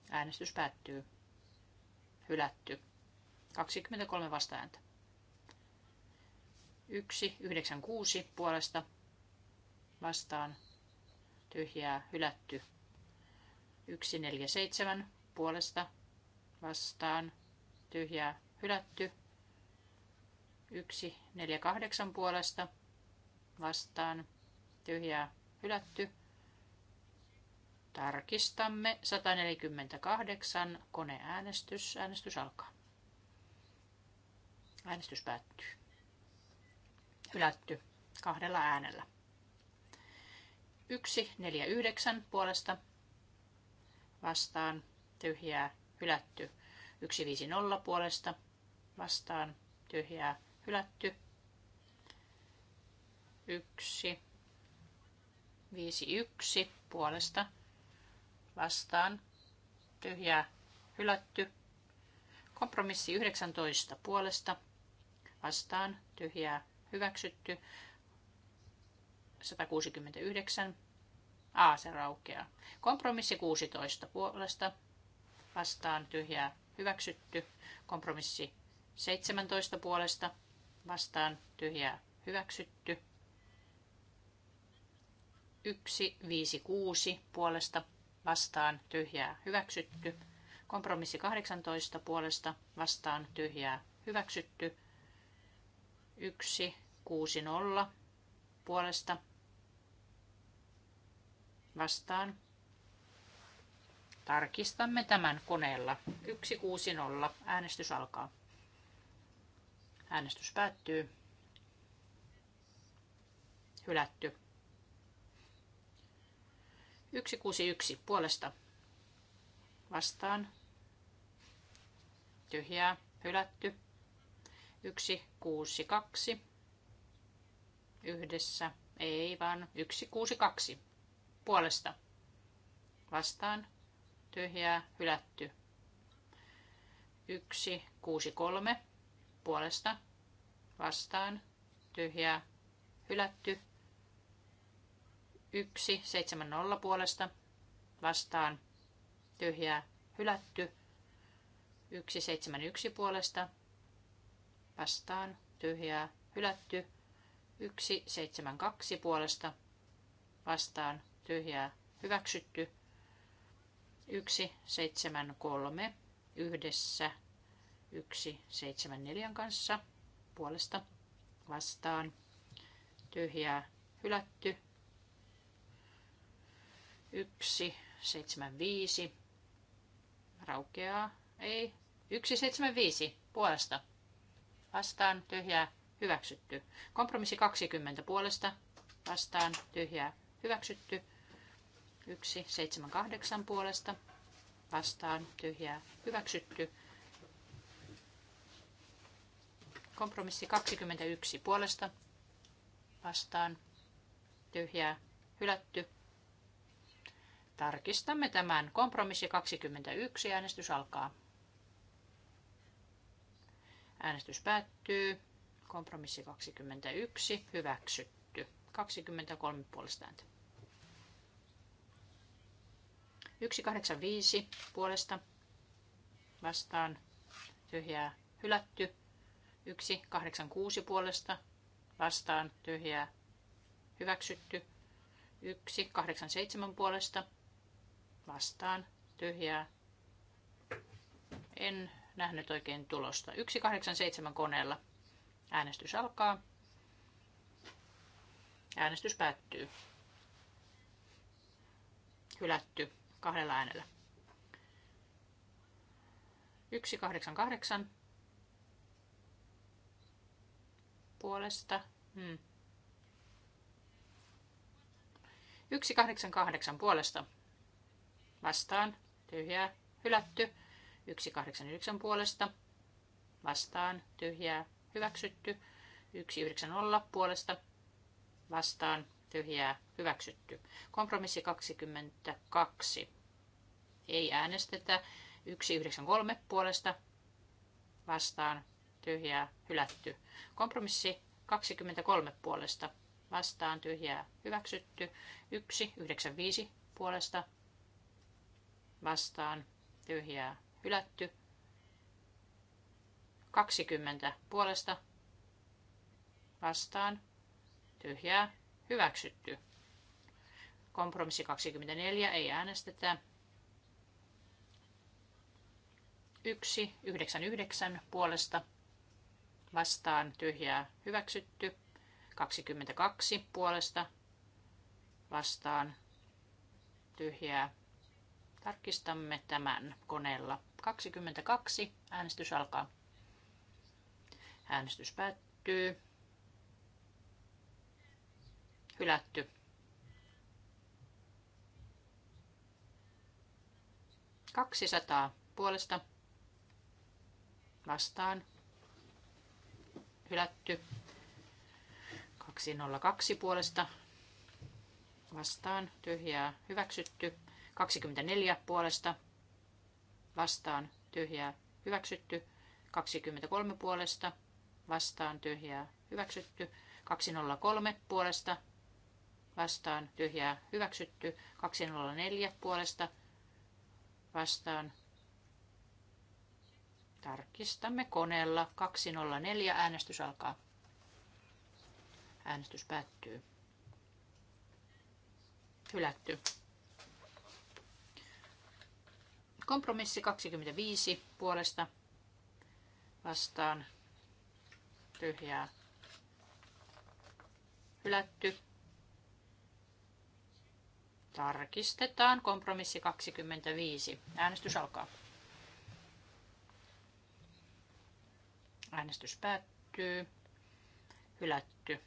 Speaker 3: Äänestys päättyy. Hylätty. 23 vastaääntä. 196 puolesta vastaan tyhjää hylätty 147 puolesta vastaan tyhjää hylätty. 148 puolesta vastaan tyhjää hylätty. Tarkistamme 148 koneäänestys. Äänestys alkaa. Äänestys päättyy. Hylätty kahdella äänellä. 149 puolesta vastaan tyhjää hylätty. 150 puolesta vastaan tyhjää hylätty. 1 51 puolesta vastaan tyhjää hylätty. Kompromissi 19 puolesta vastaan tyhjää hyväksytty. 169 A, se raukeaa. Kompromissi 16 puolesta vastaan tyhjää hyväksytty. Kompromissi 17 puolesta vastaan tyhjää hyväksytty. 1, 5, 6 puolesta vastaan tyhjää hyväksytty. Kompromissi 18 puolesta vastaan tyhjää hyväksytty. 1, 6, 0 puolesta vastaan. Tarkistamme tämän koneella. 160. Äänestys alkaa. Äänestys päättyy. Hylätty. 161 puolesta vastaan. Tyhjää. Hylätty. 162 yhdessä. Ei vaan 162 puolesta vastaan tyhjää hylätty. 1, 6, 3 puolesta vastaan tyhjää hylätty. 1, 7, 0 puolesta vastaan tyhjää hylätty. 1, 7, 1 puolesta vastaan tyhjää hylätty. 1, 7, 2 puolesta vastaan tyhjää hyväksytty. 1, 7, 3 yhdessä 1, 7, 4 kanssa puolesta vastaan. Tyhjää hylätty. 1, 7, 5 raukeaa. Ei. 1, 7, 5 puolesta vastaan. Tyhjää hyväksytty. Kompromissi 20 puolesta vastaan. Tyhjää hyväksytty. 1, 7, 8 puolesta vastaan tyhjää hyväksytty. Kompromissi 21 puolesta vastaan tyhjää hylätty. Tarkistamme tämän. Kompromissi 21. Äänestys alkaa. Äänestys päättyy. Kompromissi 21. Hyväksytty. 23 puolesta ääntä. 185 puolesta vastaan tyhjää hylätty. 186 puolesta vastaan tyhjää hyväksytty. 187 puolesta vastaan tyhjää. En nähnyt oikein tulosta. 187 koneella. Äänestys alkaa. Äänestys päättyy. Hylätty kahdella äänellä. 188 puolesta. Hmm. 188 puolesta. Vastaan. Tyhjää. Hylätty. 189 puolesta. Vastaan. Tyhjää. Hyväksytty. 190 puolesta. Vastaan tyhjää hyväksytty. Kompromissi 22. Ei äänestetä. 193 puolesta vastaan tyhjää hylätty. Kompromissi 23 puolesta vastaan tyhjää hyväksytty. 195 puolesta vastaan tyhjää hylätty. 20 puolesta vastaan tyhjää Hyväksytty. Kompromissi 24 ei äänestetä. 1, 99 puolesta vastaan tyhjää hyväksytty. 22 puolesta vastaan tyhjää. Tarkistamme tämän koneella. 22. Äänestys alkaa. Äänestys päättyy. Hylätty. sataa puolesta vastaan. Hylätty. 202 puolesta vastaan. Tyhjää hyväksytty. 24 puolesta vastaan. Tyhjää hyväksytty. 23 puolesta vastaan. Tyhjää hyväksytty. 203 puolesta vastaan tyhjää hyväksytty. 204 puolesta vastaan tarkistamme koneella. 204 äänestys alkaa. Äänestys päättyy. Hylätty. Kompromissi 25 puolesta vastaan tyhjää hylätty. Tarkistetaan kompromissi 25. Äänestys alkaa. Äänestys päättyy. Hylätty.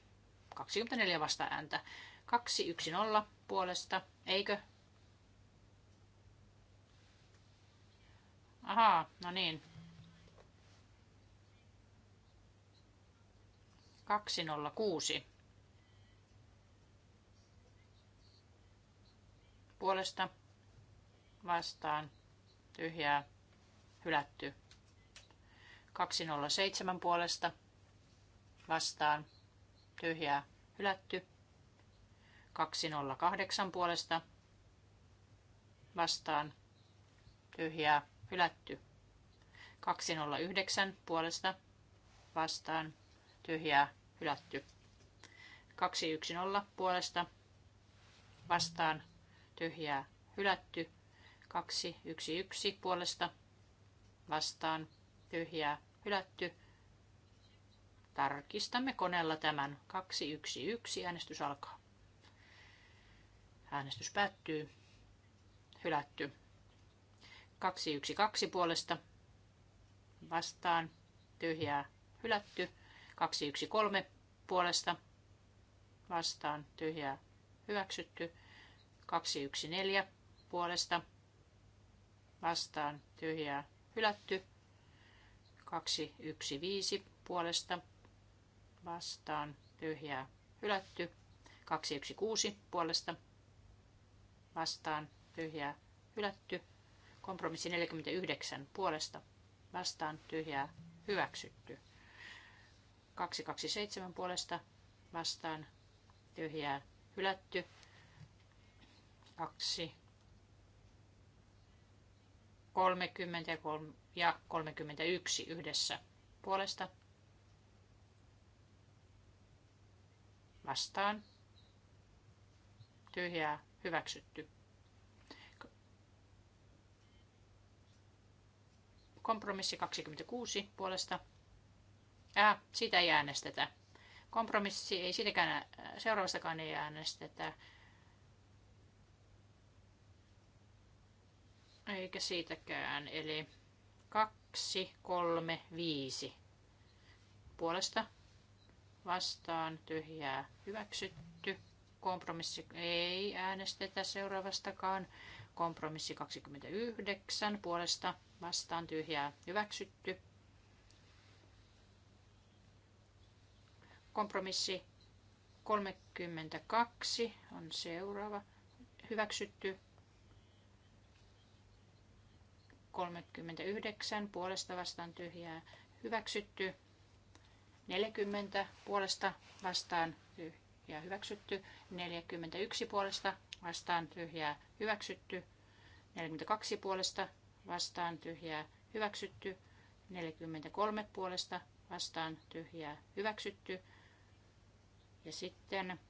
Speaker 3: 24 vasta ääntä. 210 puolesta, eikö? Ahaa, no niin. 206 puolesta vastaan tyhjää hylätty. 207 puolesta vastaan tyhjää hylätty. 208 puolesta vastaan tyhjää hylätty. 209 puolesta vastaan tyhjää hylätty. 210 puolesta vastaan tyhjää hylätty. 2, 1, 1 puolesta vastaan tyhjää hylätty. Tarkistamme koneella tämän yksi Äänestys alkaa. Äänestys päättyy. Hylätty. kaksi puolesta vastaan tyhjää hylätty. kolme puolesta vastaan tyhjää hyväksytty. 214 puolesta vastaan tyhjää hylätty. 215 puolesta vastaan tyhjää hylätty. 216 puolesta vastaan tyhjää hylätty. Kompromissi 49 puolesta vastaan tyhjää hyväksytty. 227 puolesta vastaan tyhjää hylätty. 2, 30 ja 31 yhdessä puolesta. Vastaan. Tyhjää hyväksytty. Kompromissi 26 puolesta. Ää, sitä ei äänestetä. Kompromissi ei sitäkään, seuraavastakaan ei äänestetä. Eikä siitäkään, eli 2, 3, 5. Puolesta vastaan tyhjää hyväksytty. Kompromissi ei äänestetä seuraavastakaan. Kompromissi 29 puolesta vastaan tyhjää hyväksytty. Kompromissi 32 on seuraava hyväksytty 39 puolesta vastaan tyhjää hyväksytty. 40 puolesta vastaan tyhjää hyväksytty. 41 puolesta vastaan tyhjää hyväksytty. 42 puolesta vastaan tyhjää hyväksytty. 43 puolesta vastaan tyhjää hyväksytty. Ja sitten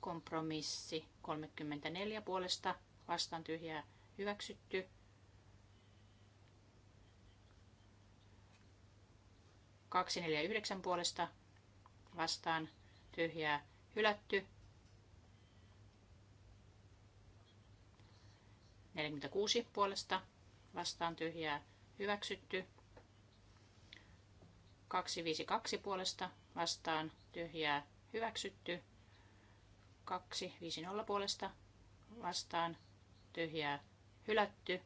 Speaker 3: kompromissi 34 puolesta vastaan tyhjää hyväksytty. 249 puolesta vastaan tyhjää hylätty. 46 puolesta vastaan tyhjää hyväksytty. 252 puolesta vastaan tyhjää hyväksytty. 250 puolesta vastaan tyhjää hylätty.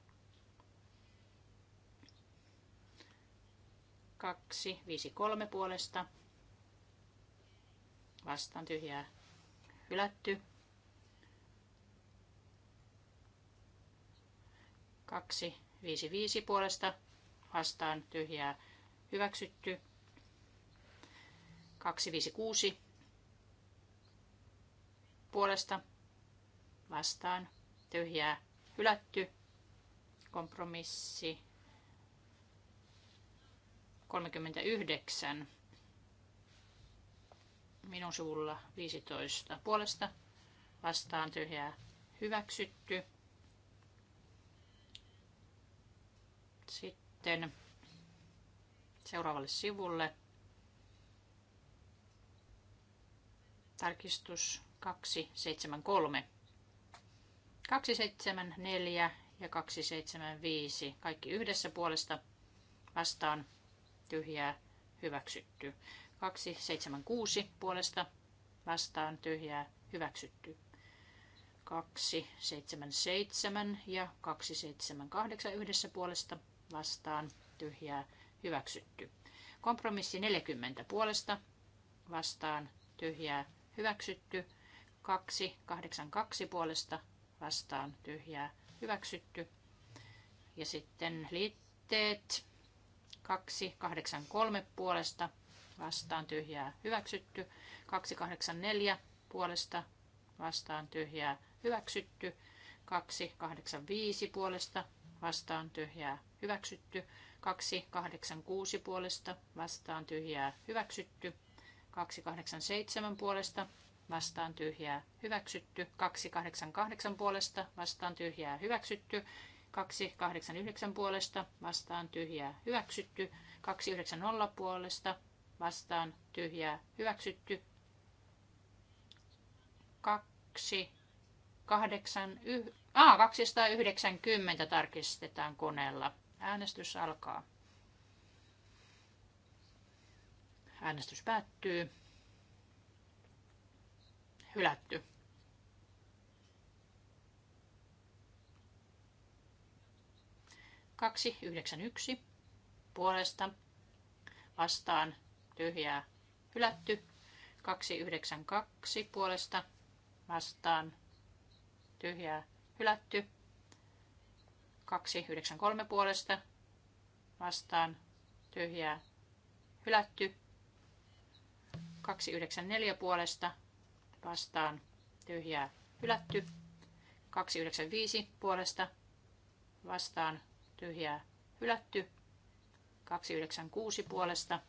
Speaker 3: kaksi, viisi, kolme puolesta. Vastaan tyhjää, hylätty. Kaksi, viisi, viisi puolesta. Vastaan tyhjää, hyväksytty. Kaksi, viisi, kuusi puolesta. Vastaan tyhjää, hylätty. Kompromissi. 39 minun sivulla 15 puolesta vastaan tyhjää hyväksytty. Sitten seuraavalle sivulle tarkistus 273. 274 ja 275 kaikki yhdessä puolesta vastaan tyhjää, hyväksytty. 276 puolesta vastaan tyhjää, hyväksytty. 277 ja 278 yhdessä puolesta vastaan tyhjää, hyväksytty. Kompromissi 40 puolesta vastaan tyhjää, hyväksytty. 282 puolesta vastaan tyhjää, hyväksytty. Ja sitten liitteet 2, 8, 3 puolesta vastaan tyhjää hyväksytty. 2, 8, 4 puolesta vastaan tyhjää hyväksytty. 2, 8, 5 puolesta vastaan tyhjää hyväksytty. 2, 8, 6 puolesta vastaan tyhjää hyväksytty. 2, 8, 7 puolesta vastaan tyhjää hyväksytty. 2, 8, 8 puolesta vastaan tyhjää hyväksytty. 289 puolesta vastaan tyhjää hyväksytty. 290 puolesta vastaan tyhjää hyväksytty. 2, 8, y, a, 290 tarkistetaan koneella. Äänestys alkaa. Äänestys päättyy. Hylätty. 291 puolesta vastaan tyhjää hylätty. 292 puolesta vastaan tyhjää hylätty. 293 puolesta vastaan tyhjää hylätty. 294 puolesta vastaan tyhjää hylätty. 295 puolesta vastaan tyhjää hylätty. 296 puolesta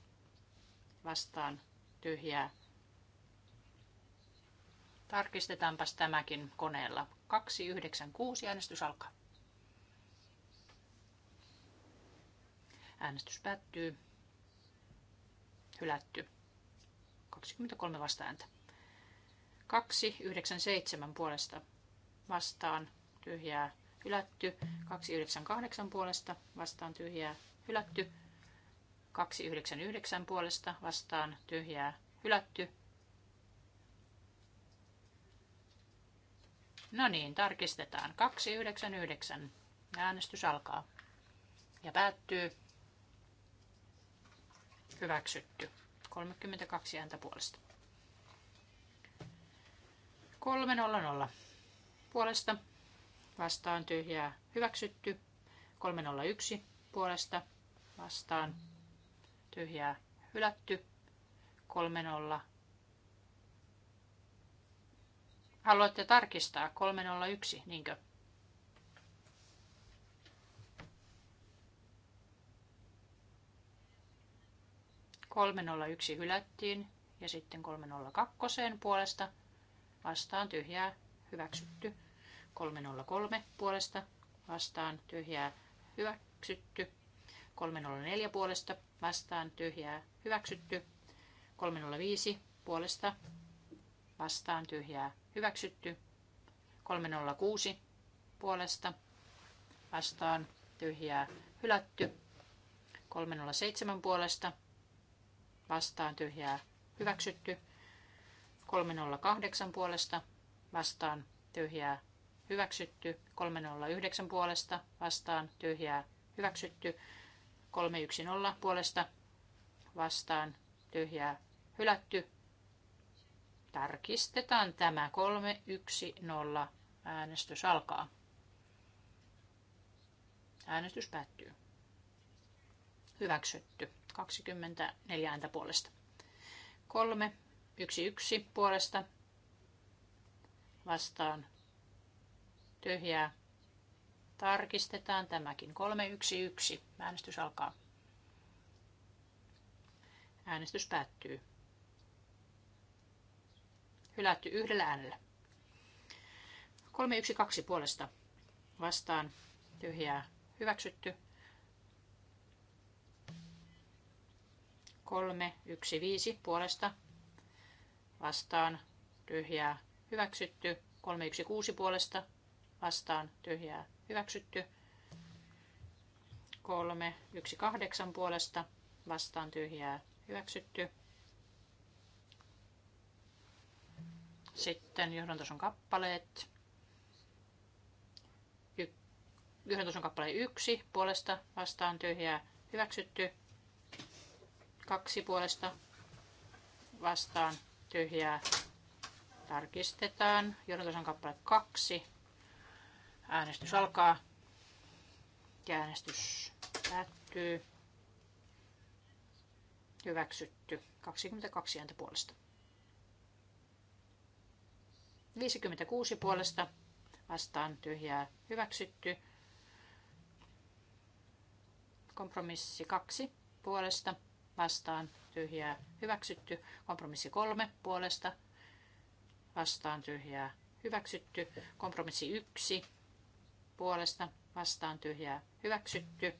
Speaker 3: vastaan tyhjää. Tarkistetaanpas tämäkin koneella. 296 äänestys alkaa. Äänestys päättyy. Hylätty. 23 vastaääntä. 297 puolesta vastaan tyhjää hylätty. 298 puolesta vastaan tyhjää hylätty. 299 puolesta vastaan tyhjää hylätty. No niin, tarkistetaan. 299. Äänestys alkaa ja päättyy. Hyväksytty. 32 ääntä puolesta. 300 puolesta vastaan tyhjää hyväksytty. 301 puolesta vastaan tyhjää hylätty. 30 Haluatte tarkistaa 301, niinkö? yksi hylättiin ja sitten 302 puolesta vastaan tyhjää hyväksytty. 303 puolesta vastaan tyhjää hyväksytty. 304 puolesta vastaan tyhjää hyväksytty. 305 puolesta vastaan tyhjää hyväksytty. 306 puolesta vastaan tyhjää hylätty. 307 puolesta vastaan tyhjää hyväksytty. 308 puolesta vastaan tyhjää hyväksytty. 309 puolesta vastaan tyhjää hyväksytty. 310 puolesta vastaan tyhjää hylätty. Tarkistetaan tämä 310 äänestys alkaa. Äänestys päättyy. Hyväksytty. 24 ääntä puolesta. 311 puolesta. Vastaan tyhjää. Tarkistetaan tämäkin. 311. Äänestys alkaa. Äänestys päättyy. Hylätty yhdellä äänellä. 312 puolesta vastaan tyhjää hyväksytty. 315 puolesta vastaan tyhjää hyväksytty. 316 puolesta vastaan tyhjää hyväksytty. 3, 1, 8 puolesta vastaan tyhjää hyväksytty. Sitten johdantason kappaleet. Y- johdantason kappale 1 puolesta vastaan tyhjää hyväksytty. 2 puolesta vastaan tyhjää tarkistetaan. Johdantason kappale 2 Äänestys alkaa. Ja äänestys päättyy. Hyväksytty. 22 ääntä puolesta. 56 puolesta vastaan tyhjää hyväksytty. Kompromissi 2 puolesta vastaan tyhjää hyväksytty. Kompromissi 3 puolesta vastaan tyhjää hyväksytty. Kompromissi 1 puolesta vastaan tyhjää hyväksytty.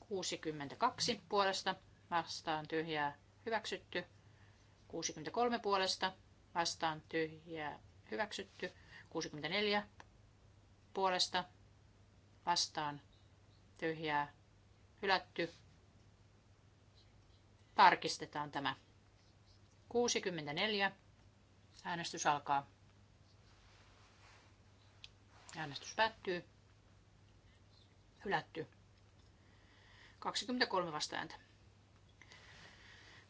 Speaker 3: 62 puolesta vastaan tyhjää hyväksytty. 63 puolesta vastaan tyhjää hyväksytty. 64 puolesta vastaan tyhjää hylätty. Tarkistetaan tämä. 64. Äänestys alkaa. Äänestys päättyy. Hylätty. 23 vastaääntä.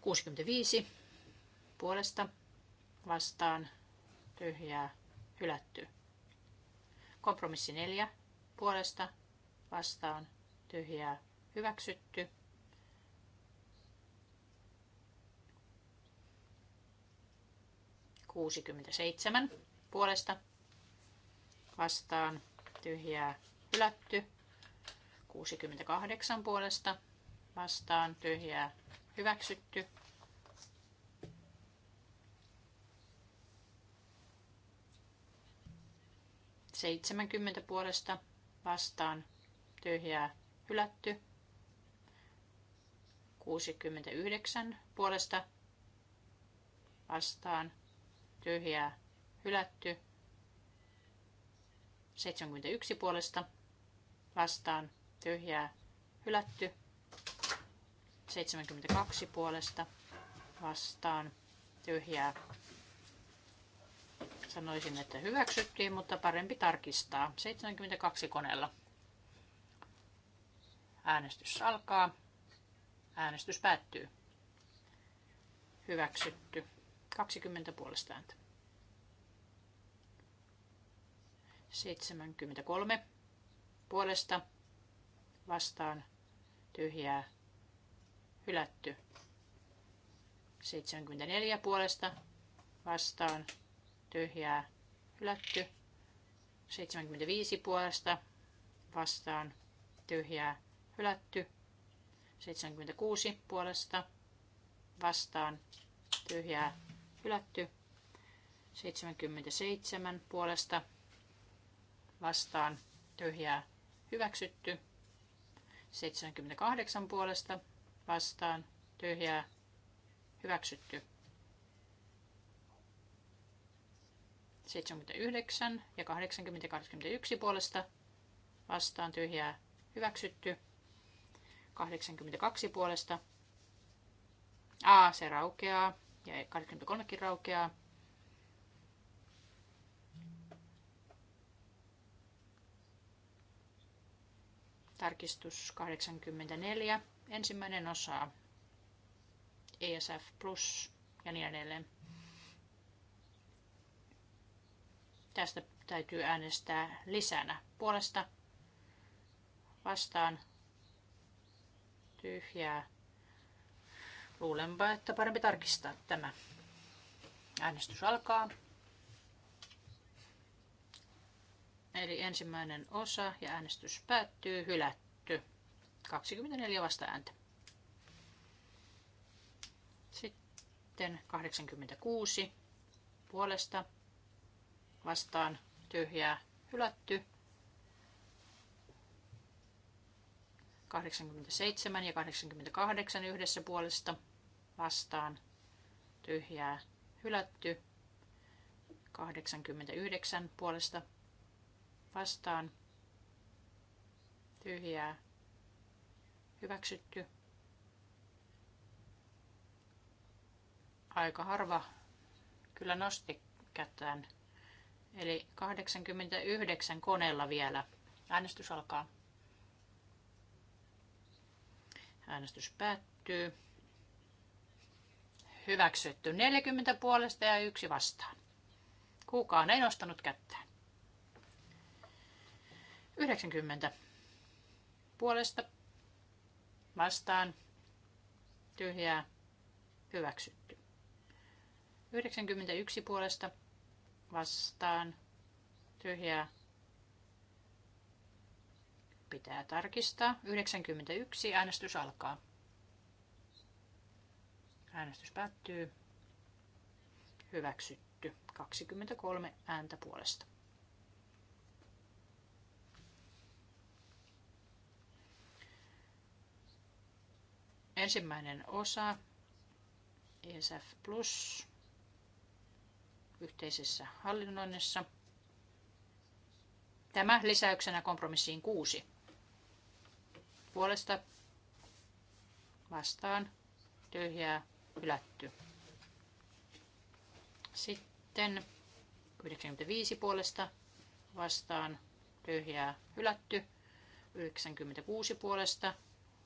Speaker 3: 65 puolesta vastaan tyhjää hylätty. Kompromissi 4 puolesta vastaan tyhjää hyväksytty. seitsemän puolesta vastaan tyhjää hylätty. 68 puolesta vastaan tyhjää hyväksytty. Seitsemänkymmentä puolesta vastaan tyhjää hylätty. 69 puolesta vastaan tyhjää hylätty. 71 puolesta vastaan tyhjää hylätty. 72 puolesta vastaan tyhjää. Sanoisin, että hyväksyttiin, mutta parempi tarkistaa. 72 koneella. Äänestys alkaa. Äänestys päättyy. Hyväksytty. 20 puolesta ääntä. 73 puolesta vastaan tyhjää hylätty. 74 puolesta vastaan tyhjää hylätty. 75 puolesta vastaan tyhjää hylätty. 76 puolesta vastaan tyhjää hylätty. 77 puolesta vastaan tyhjää hyväksytty. 78 puolesta vastaan tyhjää hyväksytty. 79 ja 80 81 puolesta vastaan tyhjää hyväksytty. 82 puolesta. A, se raukeaa ja 83kin raukeaa. Tarkistus 84. Ensimmäinen osa. ESF Plus ja niin edelleen. Tästä täytyy äänestää lisänä puolesta vastaan tyhjää. Luulenpa, että parempi tarkistaa tämä. Äänestys alkaa. Eli ensimmäinen osa ja äänestys päättyy, hylätty. 24 vastaääntä. Sitten 86 puolesta vastaan tyhjää hylätty. 87 ja 88 yhdessä puolesta vastaan tyhjää hylätty. 89 puolesta vastaan tyhjää hyväksytty. Aika harva kyllä nosti kätään. Eli 89 koneella vielä. Äänestys alkaa. Äänestys päättyy. Hyväksytty 40 puolesta ja yksi vastaan. Kukaan ei nostanut kättään. 90 puolesta vastaan tyhjää hyväksytty. 91 puolesta vastaan tyhjää pitää tarkistaa. 91 äänestys alkaa. Äänestys päättyy. Hyväksytty. 23 ääntä puolesta. Ensimmäinen osa, ESF Plus, yhteisessä hallinnoinnissa. Tämä lisäyksenä kompromissiin kuusi Puolesta vastaan tyhjää hylätty. Sitten 95 puolesta vastaan tyhjää hylätty. 96 puolesta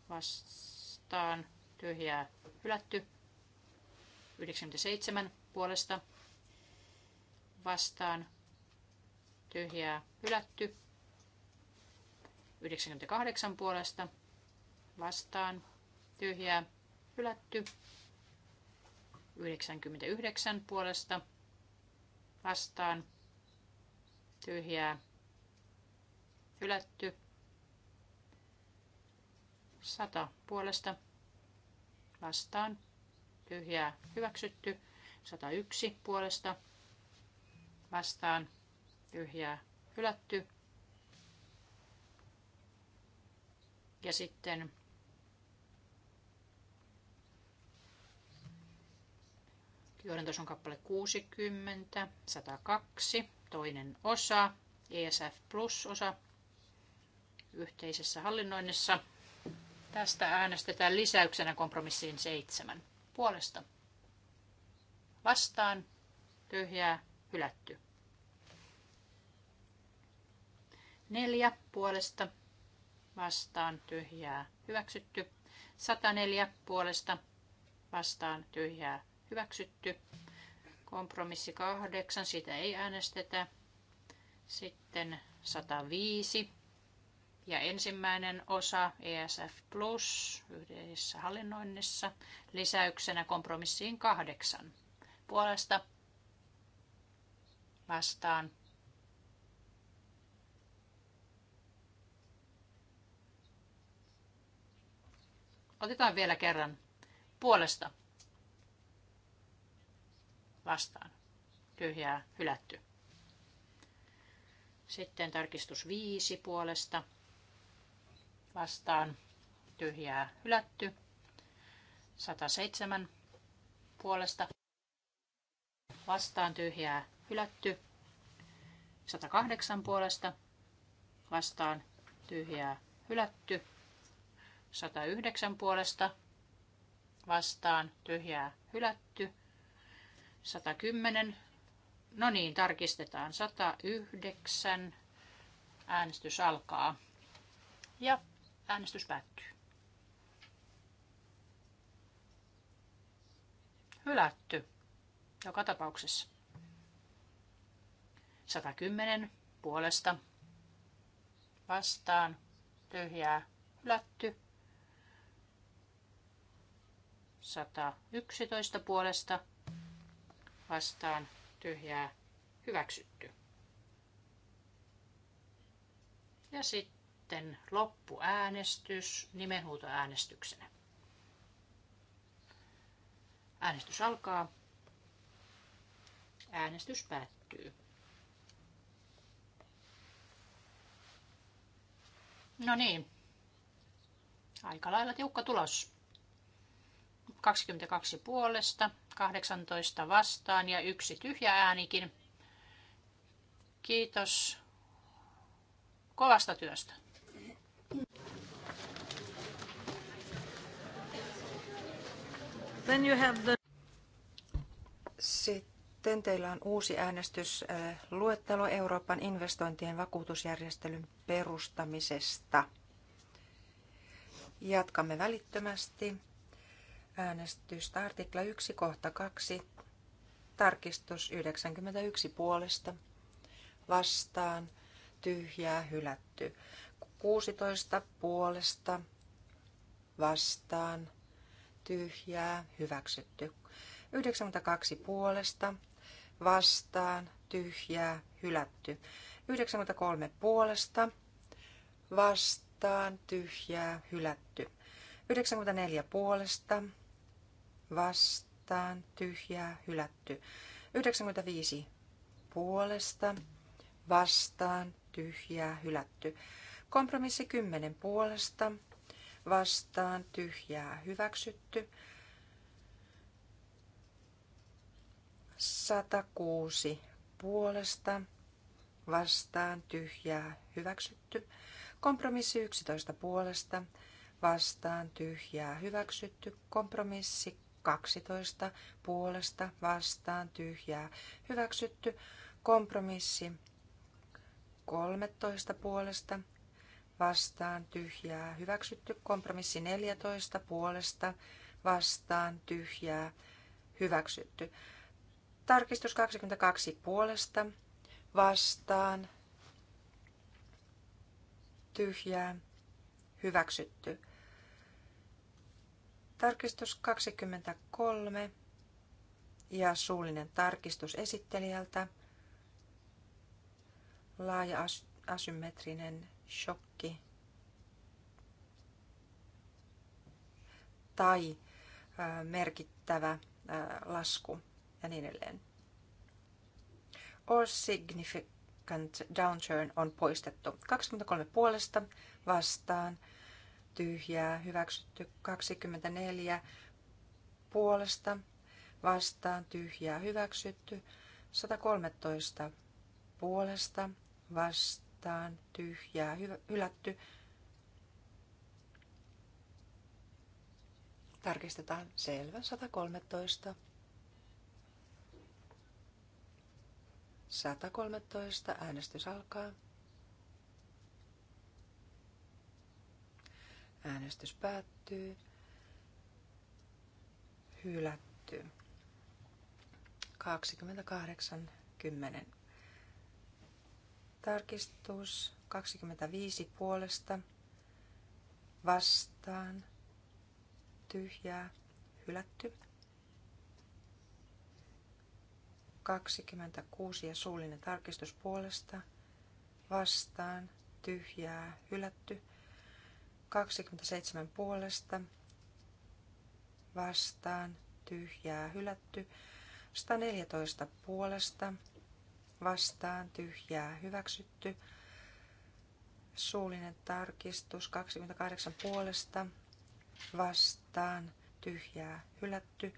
Speaker 3: vastaan vastaan, tyhjää hylätty. 97 puolesta vastaan, tyhjää hylätty. 98 puolesta vastaan, tyhjää hylätty. 99 puolesta vastaan, tyhjää hylätty. 100 puolesta vastaan tyhjää hyväksytty. 101 puolesta vastaan tyhjää hylätty. Ja sitten Johdantos on kappale 60, 102, toinen osa, ESF Plus osa yhteisessä hallinnoinnissa – Tästä äänestetään lisäyksenä kompromissiin seitsemän. Puolesta. Vastaan. Tyhjää. Hylätty. Neljä puolesta. Vastaan. Tyhjää. Hyväksytty. 104 puolesta. Vastaan. Tyhjää. Hyväksytty. Kompromissi kahdeksan. Sitä ei äänestetä. Sitten 105 ja ensimmäinen osa ESF Plus yhdessä hallinnoinnissa lisäyksenä kompromissiin kahdeksan puolesta vastaan. Otetaan vielä kerran puolesta vastaan. Tyhjää hylätty. Sitten tarkistus viisi puolesta vastaan tyhjää hylätty. 107 puolesta vastaan tyhjää hylätty. 108 puolesta vastaan tyhjää hylätty. 109 puolesta vastaan tyhjää hylätty. 110. No niin, tarkistetaan. 109. Äänestys alkaa. Ja Äänestys päättyy. Hylätty. Joka tapauksessa. 110 puolesta. Vastaan. Tyhjää. Hylätty. 111 puolesta. Vastaan. Tyhjää. Hyväksytty. Ja sitten sitten loppuäänestys nimenhuutoäänestyksenä. Äänestys alkaa. Äänestys päättyy. No niin. Aika lailla tiukka tulos. 22 puolesta, 18 vastaan ja yksi tyhjä äänikin. Kiitos kovasta työstä.
Speaker 1: Then you have the... Sitten teillä on uusi äänestysluettelo Euroopan investointien vakuutusjärjestelyn perustamisesta. Jatkamme välittömästi äänestystä. Artikla 1, kohta 2, tarkistus 91 puolesta, vastaan, tyhjää, hylätty. 16 puolesta, vastaan, tyhjää, hyväksytty. 92 puolesta, vastaan, tyhjää, hylätty. 93 puolesta, vastaan, tyhjää, hylätty. 94 puolesta, vastaan, tyhjää, hylätty. 95 puolesta, vastaan, tyhjää, hylätty. Kompromissi 10 puolesta, vastaan tyhjää hyväksytty. 106 puolesta vastaan tyhjää hyväksytty. Kompromissi 11 puolesta vastaan tyhjää hyväksytty. Kompromissi 12 puolesta vastaan tyhjää hyväksytty. Kompromissi 13 puolesta vastaan tyhjää hyväksytty. Kompromissi 14 puolesta vastaan tyhjää hyväksytty. Tarkistus 22 puolesta vastaan tyhjää hyväksytty. Tarkistus 23 ja suullinen tarkistus esittelijältä. Laaja asymmetrinen shokki tai merkittävä lasku ja niin edelleen. All significant downturn on poistettu. 23 puolesta vastaan, tyhjää, hyväksytty. 24 puolesta vastaan, tyhjää, hyväksytty. 113 puolesta vastaan vastaan tyhjää hylätty. Tarkistetaan selvä 113. 113 äänestys alkaa. Äänestys päättyy. Hylätty. 28 10 Tarkistus 25 puolesta vastaan tyhjää hylätty. 26 ja suullinen tarkistus puolesta vastaan tyhjää hylätty. 27 puolesta vastaan tyhjää hylätty. 114 puolesta vastaan tyhjää hyväksytty. Suullinen tarkistus 28 puolesta vastaan tyhjää hylätty.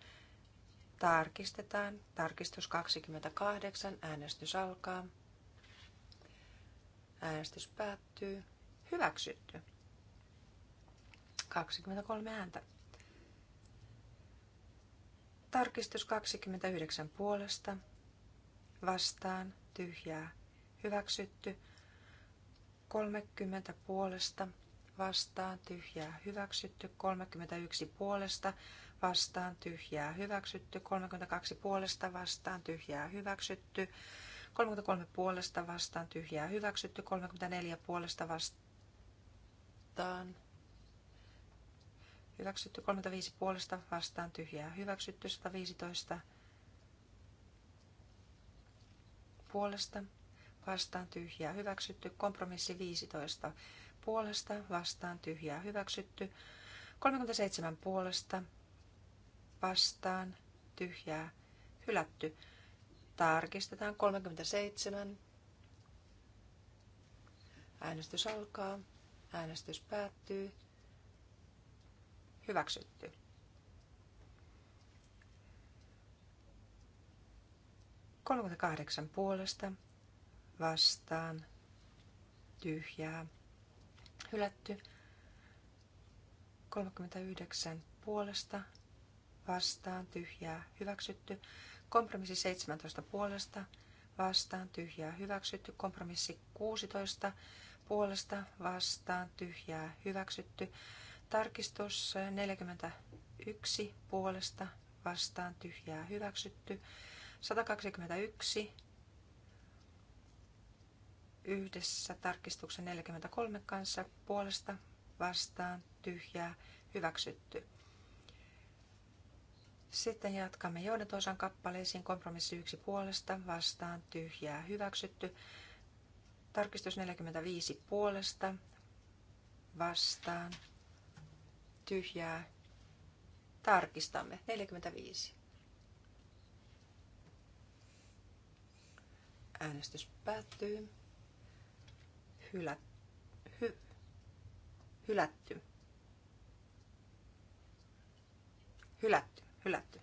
Speaker 1: Tarkistetaan. Tarkistus 28. Äänestys alkaa. Äänestys päättyy. Hyväksytty. 23 ääntä. Tarkistus 29 puolesta vastaan tyhjää hyväksytty. 30 puolesta vastaan tyhjää hyväksytty. 31 puolesta vastaan tyhjää hyväksytty. 32 puolesta vastaan tyhjää hyväksytty. 33 puolesta vastaan tyhjää hyväksytty. 34 puolesta vastaan hyväksytty. 35 puolesta vastaan tyhjää hyväksytty. 115 puolesta vastaan tyhjää hyväksytty. Kompromissi 15 puolesta vastaan tyhjää hyväksytty. 37 puolesta vastaan tyhjää hylätty. Tarkistetaan 37. Äänestys alkaa. Äänestys päättyy. Hyväksytty. 38 puolesta vastaan tyhjää hylätty. 39 puolesta vastaan tyhjää hyväksytty. Kompromissi 17 puolesta vastaan tyhjää hyväksytty. Kompromissi 16 puolesta vastaan tyhjää hyväksytty. Tarkistus 41 puolesta vastaan tyhjää hyväksytty. 121 yhdessä tarkistuksen 43 kanssa puolesta vastaan tyhjää hyväksytty. Sitten jatkamme johdantosan kappaleisiin kompromissi 1 puolesta vastaan tyhjää hyväksytty. Tarkistus 45 puolesta vastaan tyhjää tarkistamme 45. Äänestys päättyy. Hylä, hy, hylätty. Hylätty, hylätty.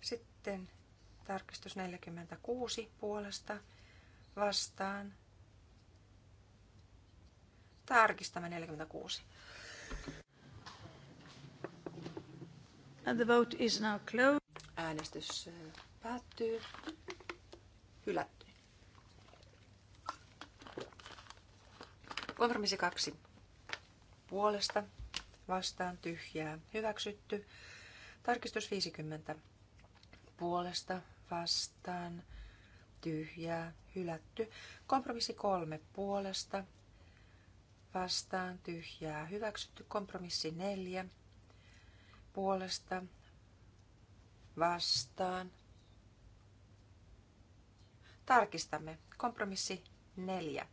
Speaker 1: Sitten tarkistus 46 puolesta vastaan. Tarkistamme 46. And the vote is now closed. Äänestys äh, päättyy. Hylätty. Kompromissi kaksi. Puolesta, vastaan, tyhjää, hyväksytty. Tarkistus 50. Puolesta, vastaan, tyhjää, hylätty. Kompromissi kolme. Puolesta, vastaan, tyhjää, hyväksytty. Kompromissi neljä puolesta vastaan. Tarkistamme. Kompromissi neljä.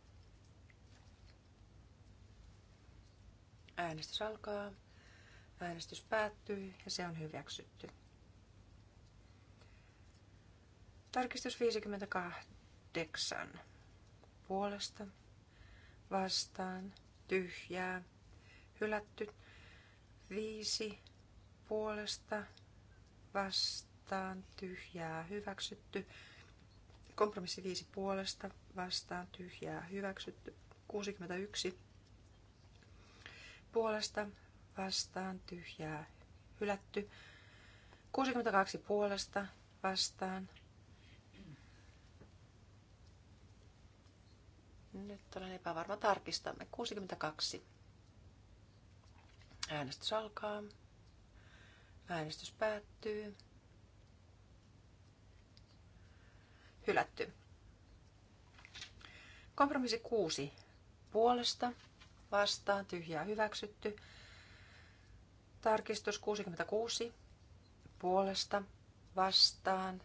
Speaker 1: Äänestys alkaa. Äänestys päättyy ja se on hyväksytty. Tarkistus 58. Puolesta, vastaan, tyhjää, hylätty. 5, puolesta vastaan tyhjää hyväksytty. Kompromissi 5 puolesta vastaan tyhjää hyväksytty. 61 puolesta vastaan tyhjää hylätty. 62 puolesta vastaan. Nyt olen epävarma. Tarkistamme. 62. Äänestys alkaa. Äänestys päättyy. Hylätty. Kompromissi 6. Puolesta, vastaan, tyhjää hyväksytty. Tarkistus 66. Puolesta, vastaan,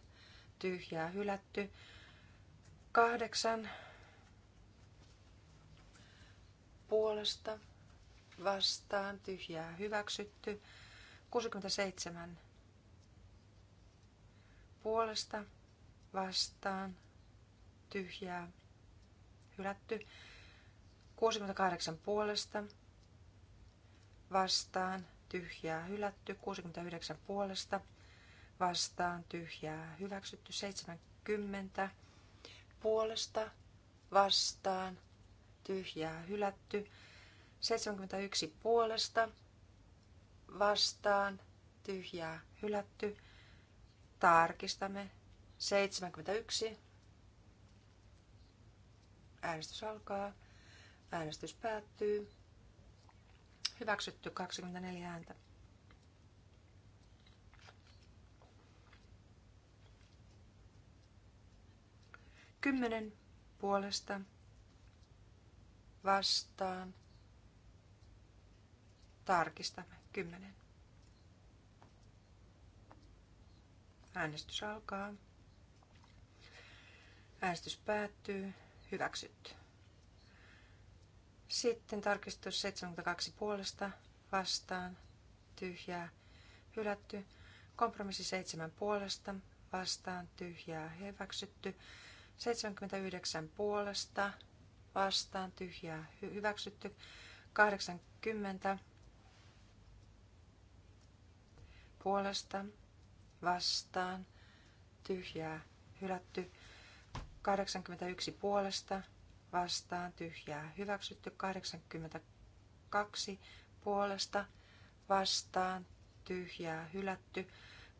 Speaker 1: tyhjää hylätty. 8. Puolesta, vastaan, tyhjää hyväksytty. 67 puolesta vastaan tyhjää hylätty. 68 puolesta vastaan tyhjää hylätty. 69 puolesta vastaan tyhjää hyväksytty. 70 puolesta vastaan tyhjää hylätty. 71 puolesta vastaan, tyhjää, hylätty. Tarkistamme. 71. Äänestys alkaa. Äänestys päättyy. Hyväksytty 24 ääntä. Kymmenen puolesta vastaan Tarkistamme. Kymmenen. Äänestys alkaa. Äänestys päättyy. Hyväksytty. Sitten tarkistus 72 puolesta vastaan. Tyhjää. Hylätty. Kompromissi 7 puolesta vastaan. Tyhjää. Hyväksytty. 79 puolesta vastaan. Tyhjää. hyväksytty. 80 puolesta vastaan tyhjää hylätty. 81 puolesta vastaan tyhjää hyväksytty. 82 puolesta vastaan tyhjää hylätty.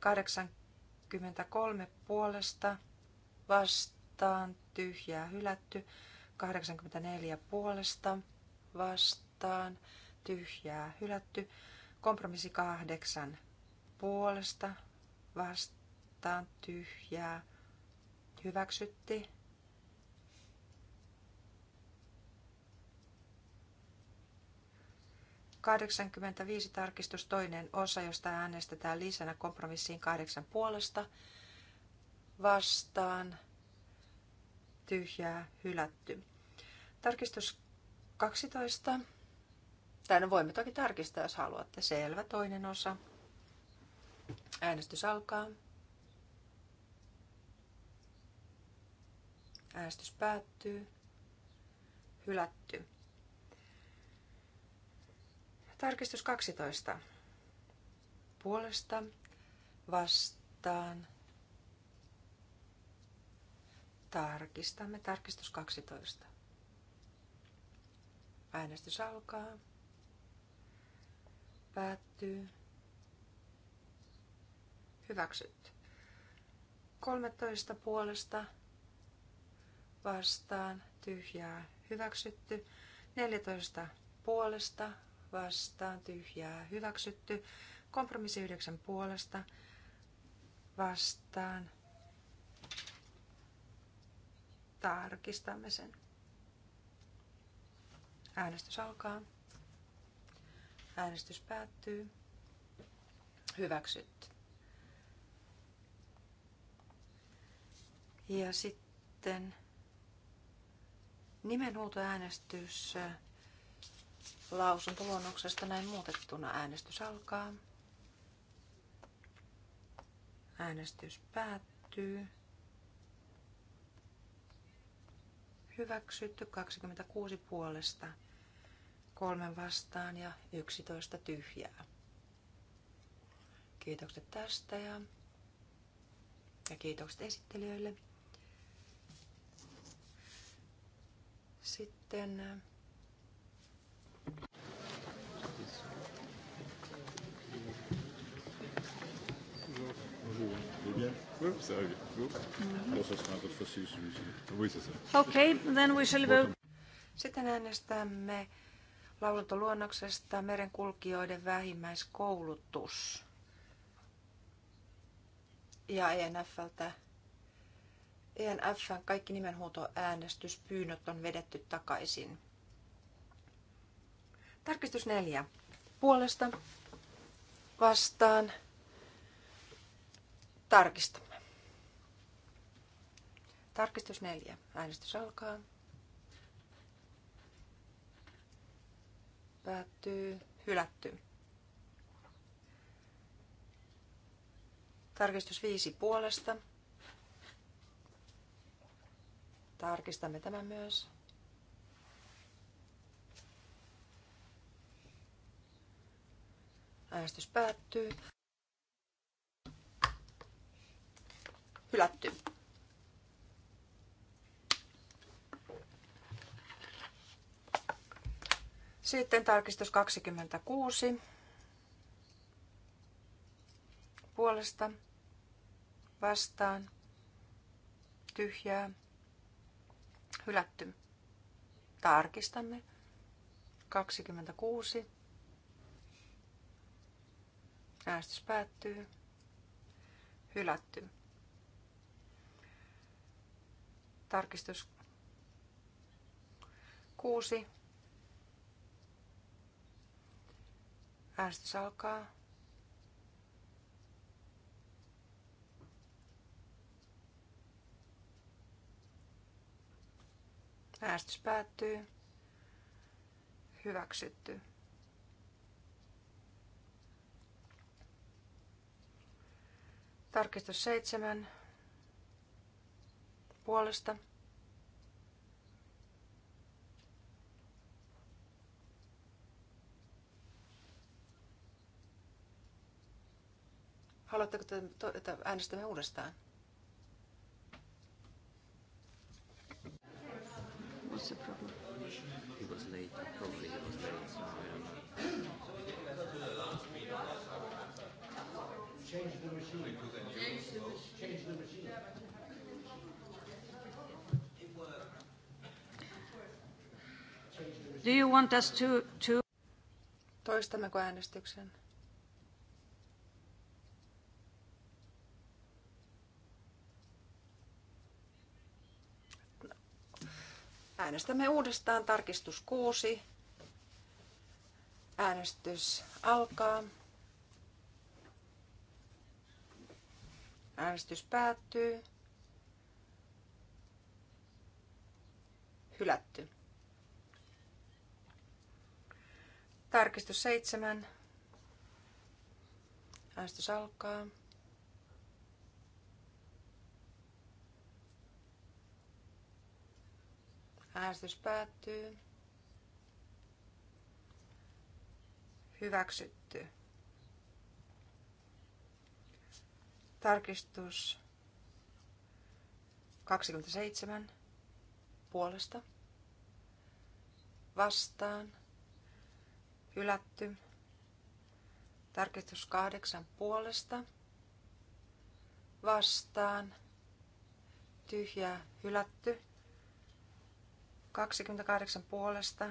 Speaker 1: 83 puolesta vastaan tyhjää hylätty. 84 puolesta vastaan tyhjää hylätty. Kompromissi 8 puolesta vastaan tyhjää hyväksytti. Kahdeksankymmentäviisi tarkistus toinen osa, josta äänestetään lisänä kompromissiin kahdeksan puolesta vastaan tyhjää hylätty. Tarkistus 12. Tai no voimme toki tarkistaa, jos haluatte. Selvä toinen osa Äänestys alkaa. Äänestys päättyy. Hylätty. Tarkistus 12. Puolesta vastaan. Tarkistamme tarkistus 12. Äänestys alkaa. Päättyy. Hyväksytty. 13 puolesta vastaan tyhjää hyväksytty. 14 puolesta vastaan tyhjää hyväksytty. Kompromissi 9 puolesta vastaan. Tarkistamme sen. Äänestys alkaa. Äänestys päättyy. Hyväksytty. Ja sitten nimenhuutoäänestys lausuntoluonnoksesta näin muutettuna äänestys alkaa. Äänestys päättyy. Hyväksytty 26 puolesta, kolmen vastaan ja 11 tyhjää. Kiitokset tästä ja, ja kiitokset esittelijöille. sitten... Äh, okay, then we shall vote. Sitten äänestämme lausuntoluonnoksesta merenkulkijoiden vähimmäiskoulutus ja ENFltä ENF kaikki nimenhuutoäänestyspyynnöt on vedetty takaisin. Tarkistus neljä. Puolesta vastaan tarkistamme. Tarkistus neljä. Äänestys alkaa. Päättyy. Hylätty. Tarkistus viisi puolesta Tarkistamme tämän myös. Äänestys päättyy. Hylätty. Sitten tarkistus 26 puolesta vastaan tyhjää Hylätty. Tarkistamme. 26. Äänestys päättyy. Hylätty. Tarkistus 6. Äänestys alkaa. Äänestys päättyy. Hyväksytty. Tarkistus seitsemän puolesta. Haluatteko, että äänestämme uudestaan? was the problem? He was late, probably he was
Speaker 2: late, so I don't know.
Speaker 3: Change the machine. Change the machine.
Speaker 1: Do you want us to, to... Toistammeko äänestyksen? Äänestämme uudestaan tarkistus 6. Äänestys alkaa. Äänestys päättyy. Hylätty. Tarkistus 7. Äänestys alkaa. Äänestys päättyy. Hyväksytty. Tarkistus 27 puolesta vastaan hylätty. Tarkistus 8 puolesta vastaan tyhjää hylätty. 28 puolesta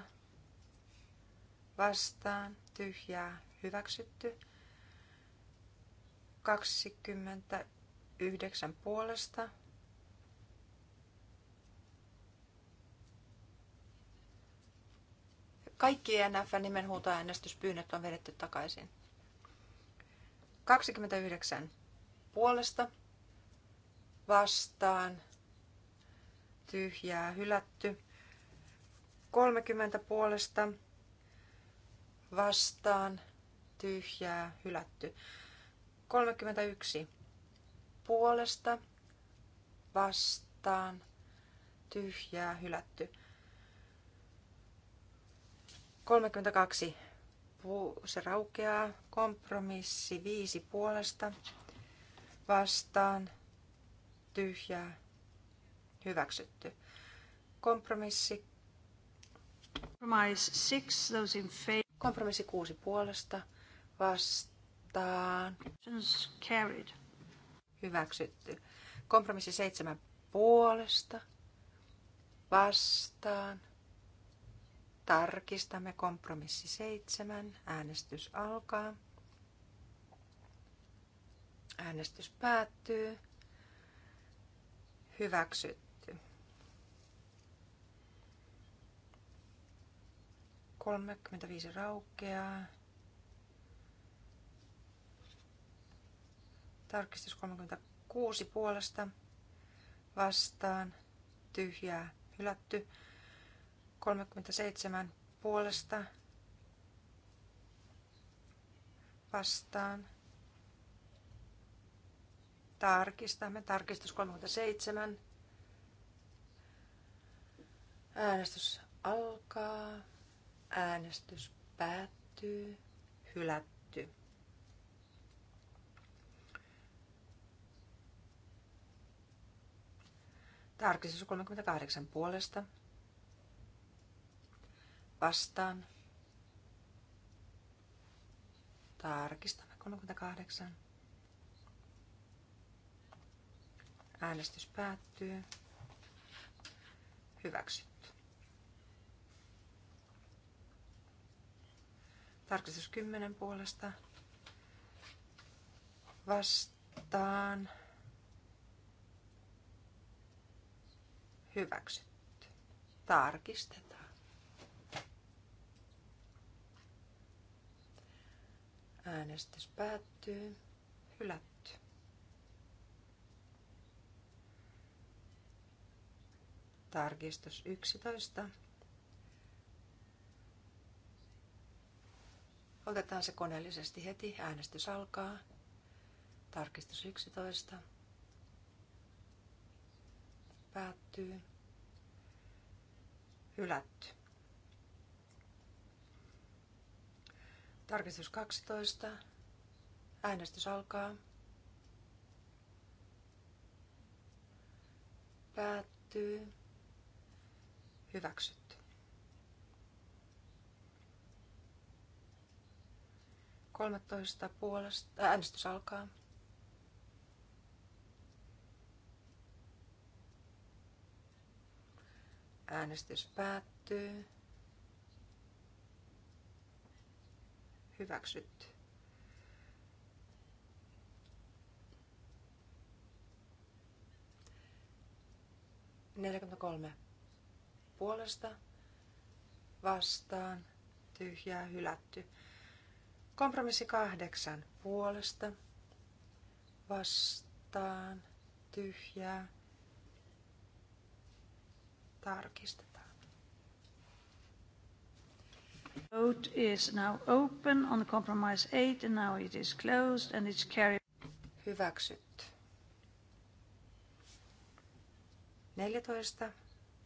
Speaker 1: vastaan tyhjää hyväksytty. 29 puolesta Kaikki ENF-nimenhuutoäänestyspyynnöt on vedetty takaisin. 29 puolesta vastaan tyhjää hylätty. 30 puolesta vastaan tyhjää hylätty. 31 puolesta vastaan tyhjää hylätty. 32 se raukeaa. Kompromissi 5 puolesta vastaan tyhjää hyväksytty. Kompromissi Kompromissi kuusi puolesta vastaan. Hyväksytty. Kompromissi seitsemän puolesta vastaan. Tarkistamme kompromissi seitsemän. Äänestys alkaa. Äänestys päättyy. Hyväksytty. 35 raukeaa. Tarkistus 36 puolesta vastaan tyhjää hylätty. 37 puolesta vastaan. Tarkistamme. Tarkistus 37. Äänestys alkaa. Äänestys päättyy. Hylätty. Tarkistus 38 puolesta. Vastaan. Tarkistamme 38. Äänestys päättyy. Hyväksy. Tarkistus 10 puolesta. Vastaan. Hyväksytty. Tarkistetaan. Äänestys päättyy. Hylätty. Tarkistus 11 Otetaan se koneellisesti heti. Äänestys alkaa. Tarkistus 11. Päättyy. Hylätty. Tarkistus 12. Äänestys alkaa. Päättyy. Hyväksytty. 13 puolesta. Äänestys alkaa. Äänestys päättyy. Hyväksytty. Neljäkymmentäkolme puolesta vastaan tyhjää hylätty. Kompromissi kahdeksan puolesta vastaan tyhjää tarkistetaan. Vote is now open on compromise 8 and now it is closed and it's carried. Hyväksytty. 14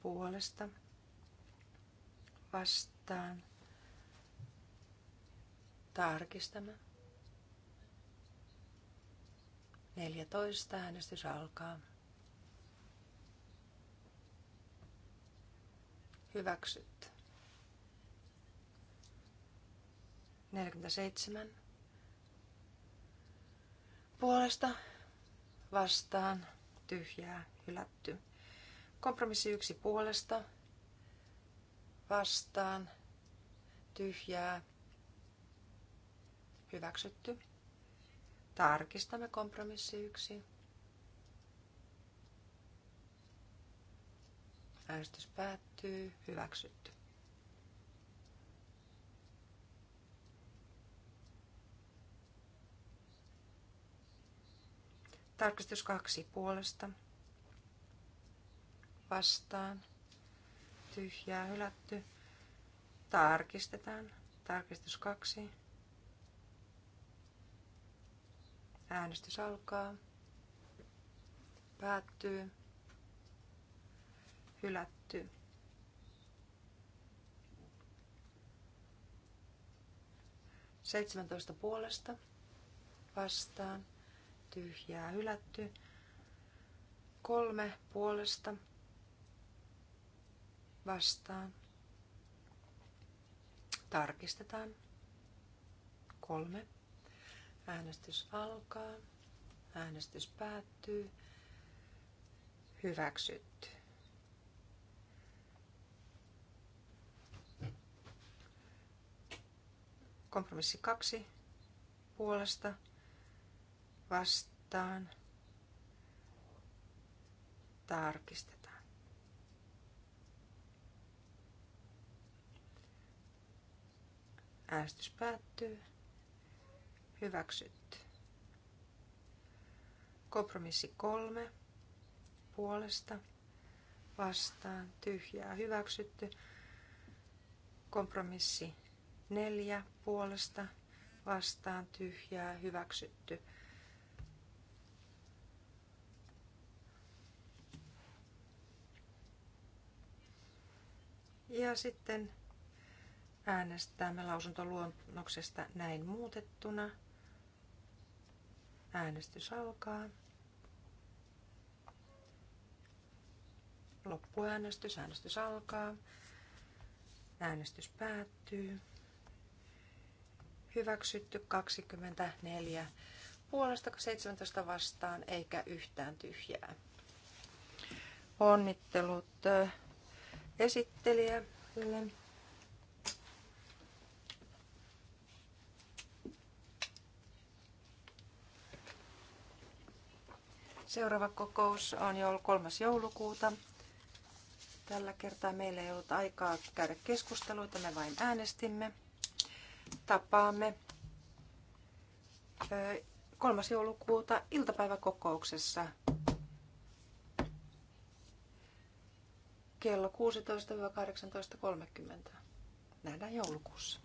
Speaker 1: puolesta vastaan Tarkistamme. 14. Äänestys alkaa. Hyväksytty. 47. Puolesta vastaan tyhjää hylätty. Kompromissi yksi puolesta vastaan tyhjää Hyväksytty. Tarkistamme kompromissi yksi. Äänestys päättyy. Hyväksytty. Tarkistus kaksi puolesta. Vastaan. Tyhjää hylätty. Tarkistetaan. Tarkistus kaksi. Äänestys alkaa. Päättyy. Hylätty. Seitsemäntoista puolesta vastaan. Tyhjää hylätty. Kolme puolesta vastaan. Tarkistetaan. Kolme. Äänestys alkaa. Äänestys päättyy. Hyväksytty. Kompromissi kaksi puolesta vastaan. Tarkistetaan. Äänestys päättyy. Hyväksytty. Kompromissi kolme. Puolesta. Vastaan. Tyhjää. Hyväksytty. Kompromissi neljä. Puolesta. Vastaan. Tyhjää. Hyväksytty. Ja sitten äänestämme lausuntoluonnoksesta näin muutettuna. Äänestys alkaa. Loppuäänestys. Äänestys alkaa. Äänestys päättyy. Hyväksytty 24 puolesta 17 vastaan eikä yhtään tyhjää. Onnittelut esittelijälle. Seuraava kokous on jo 3. joulukuuta. Tällä kertaa meillä ei ollut aikaa käydä keskusteluita, me vain äänestimme. Tapaamme 3. joulukuuta iltapäiväkokouksessa kello 16-18.30. Nähdään joulukuussa.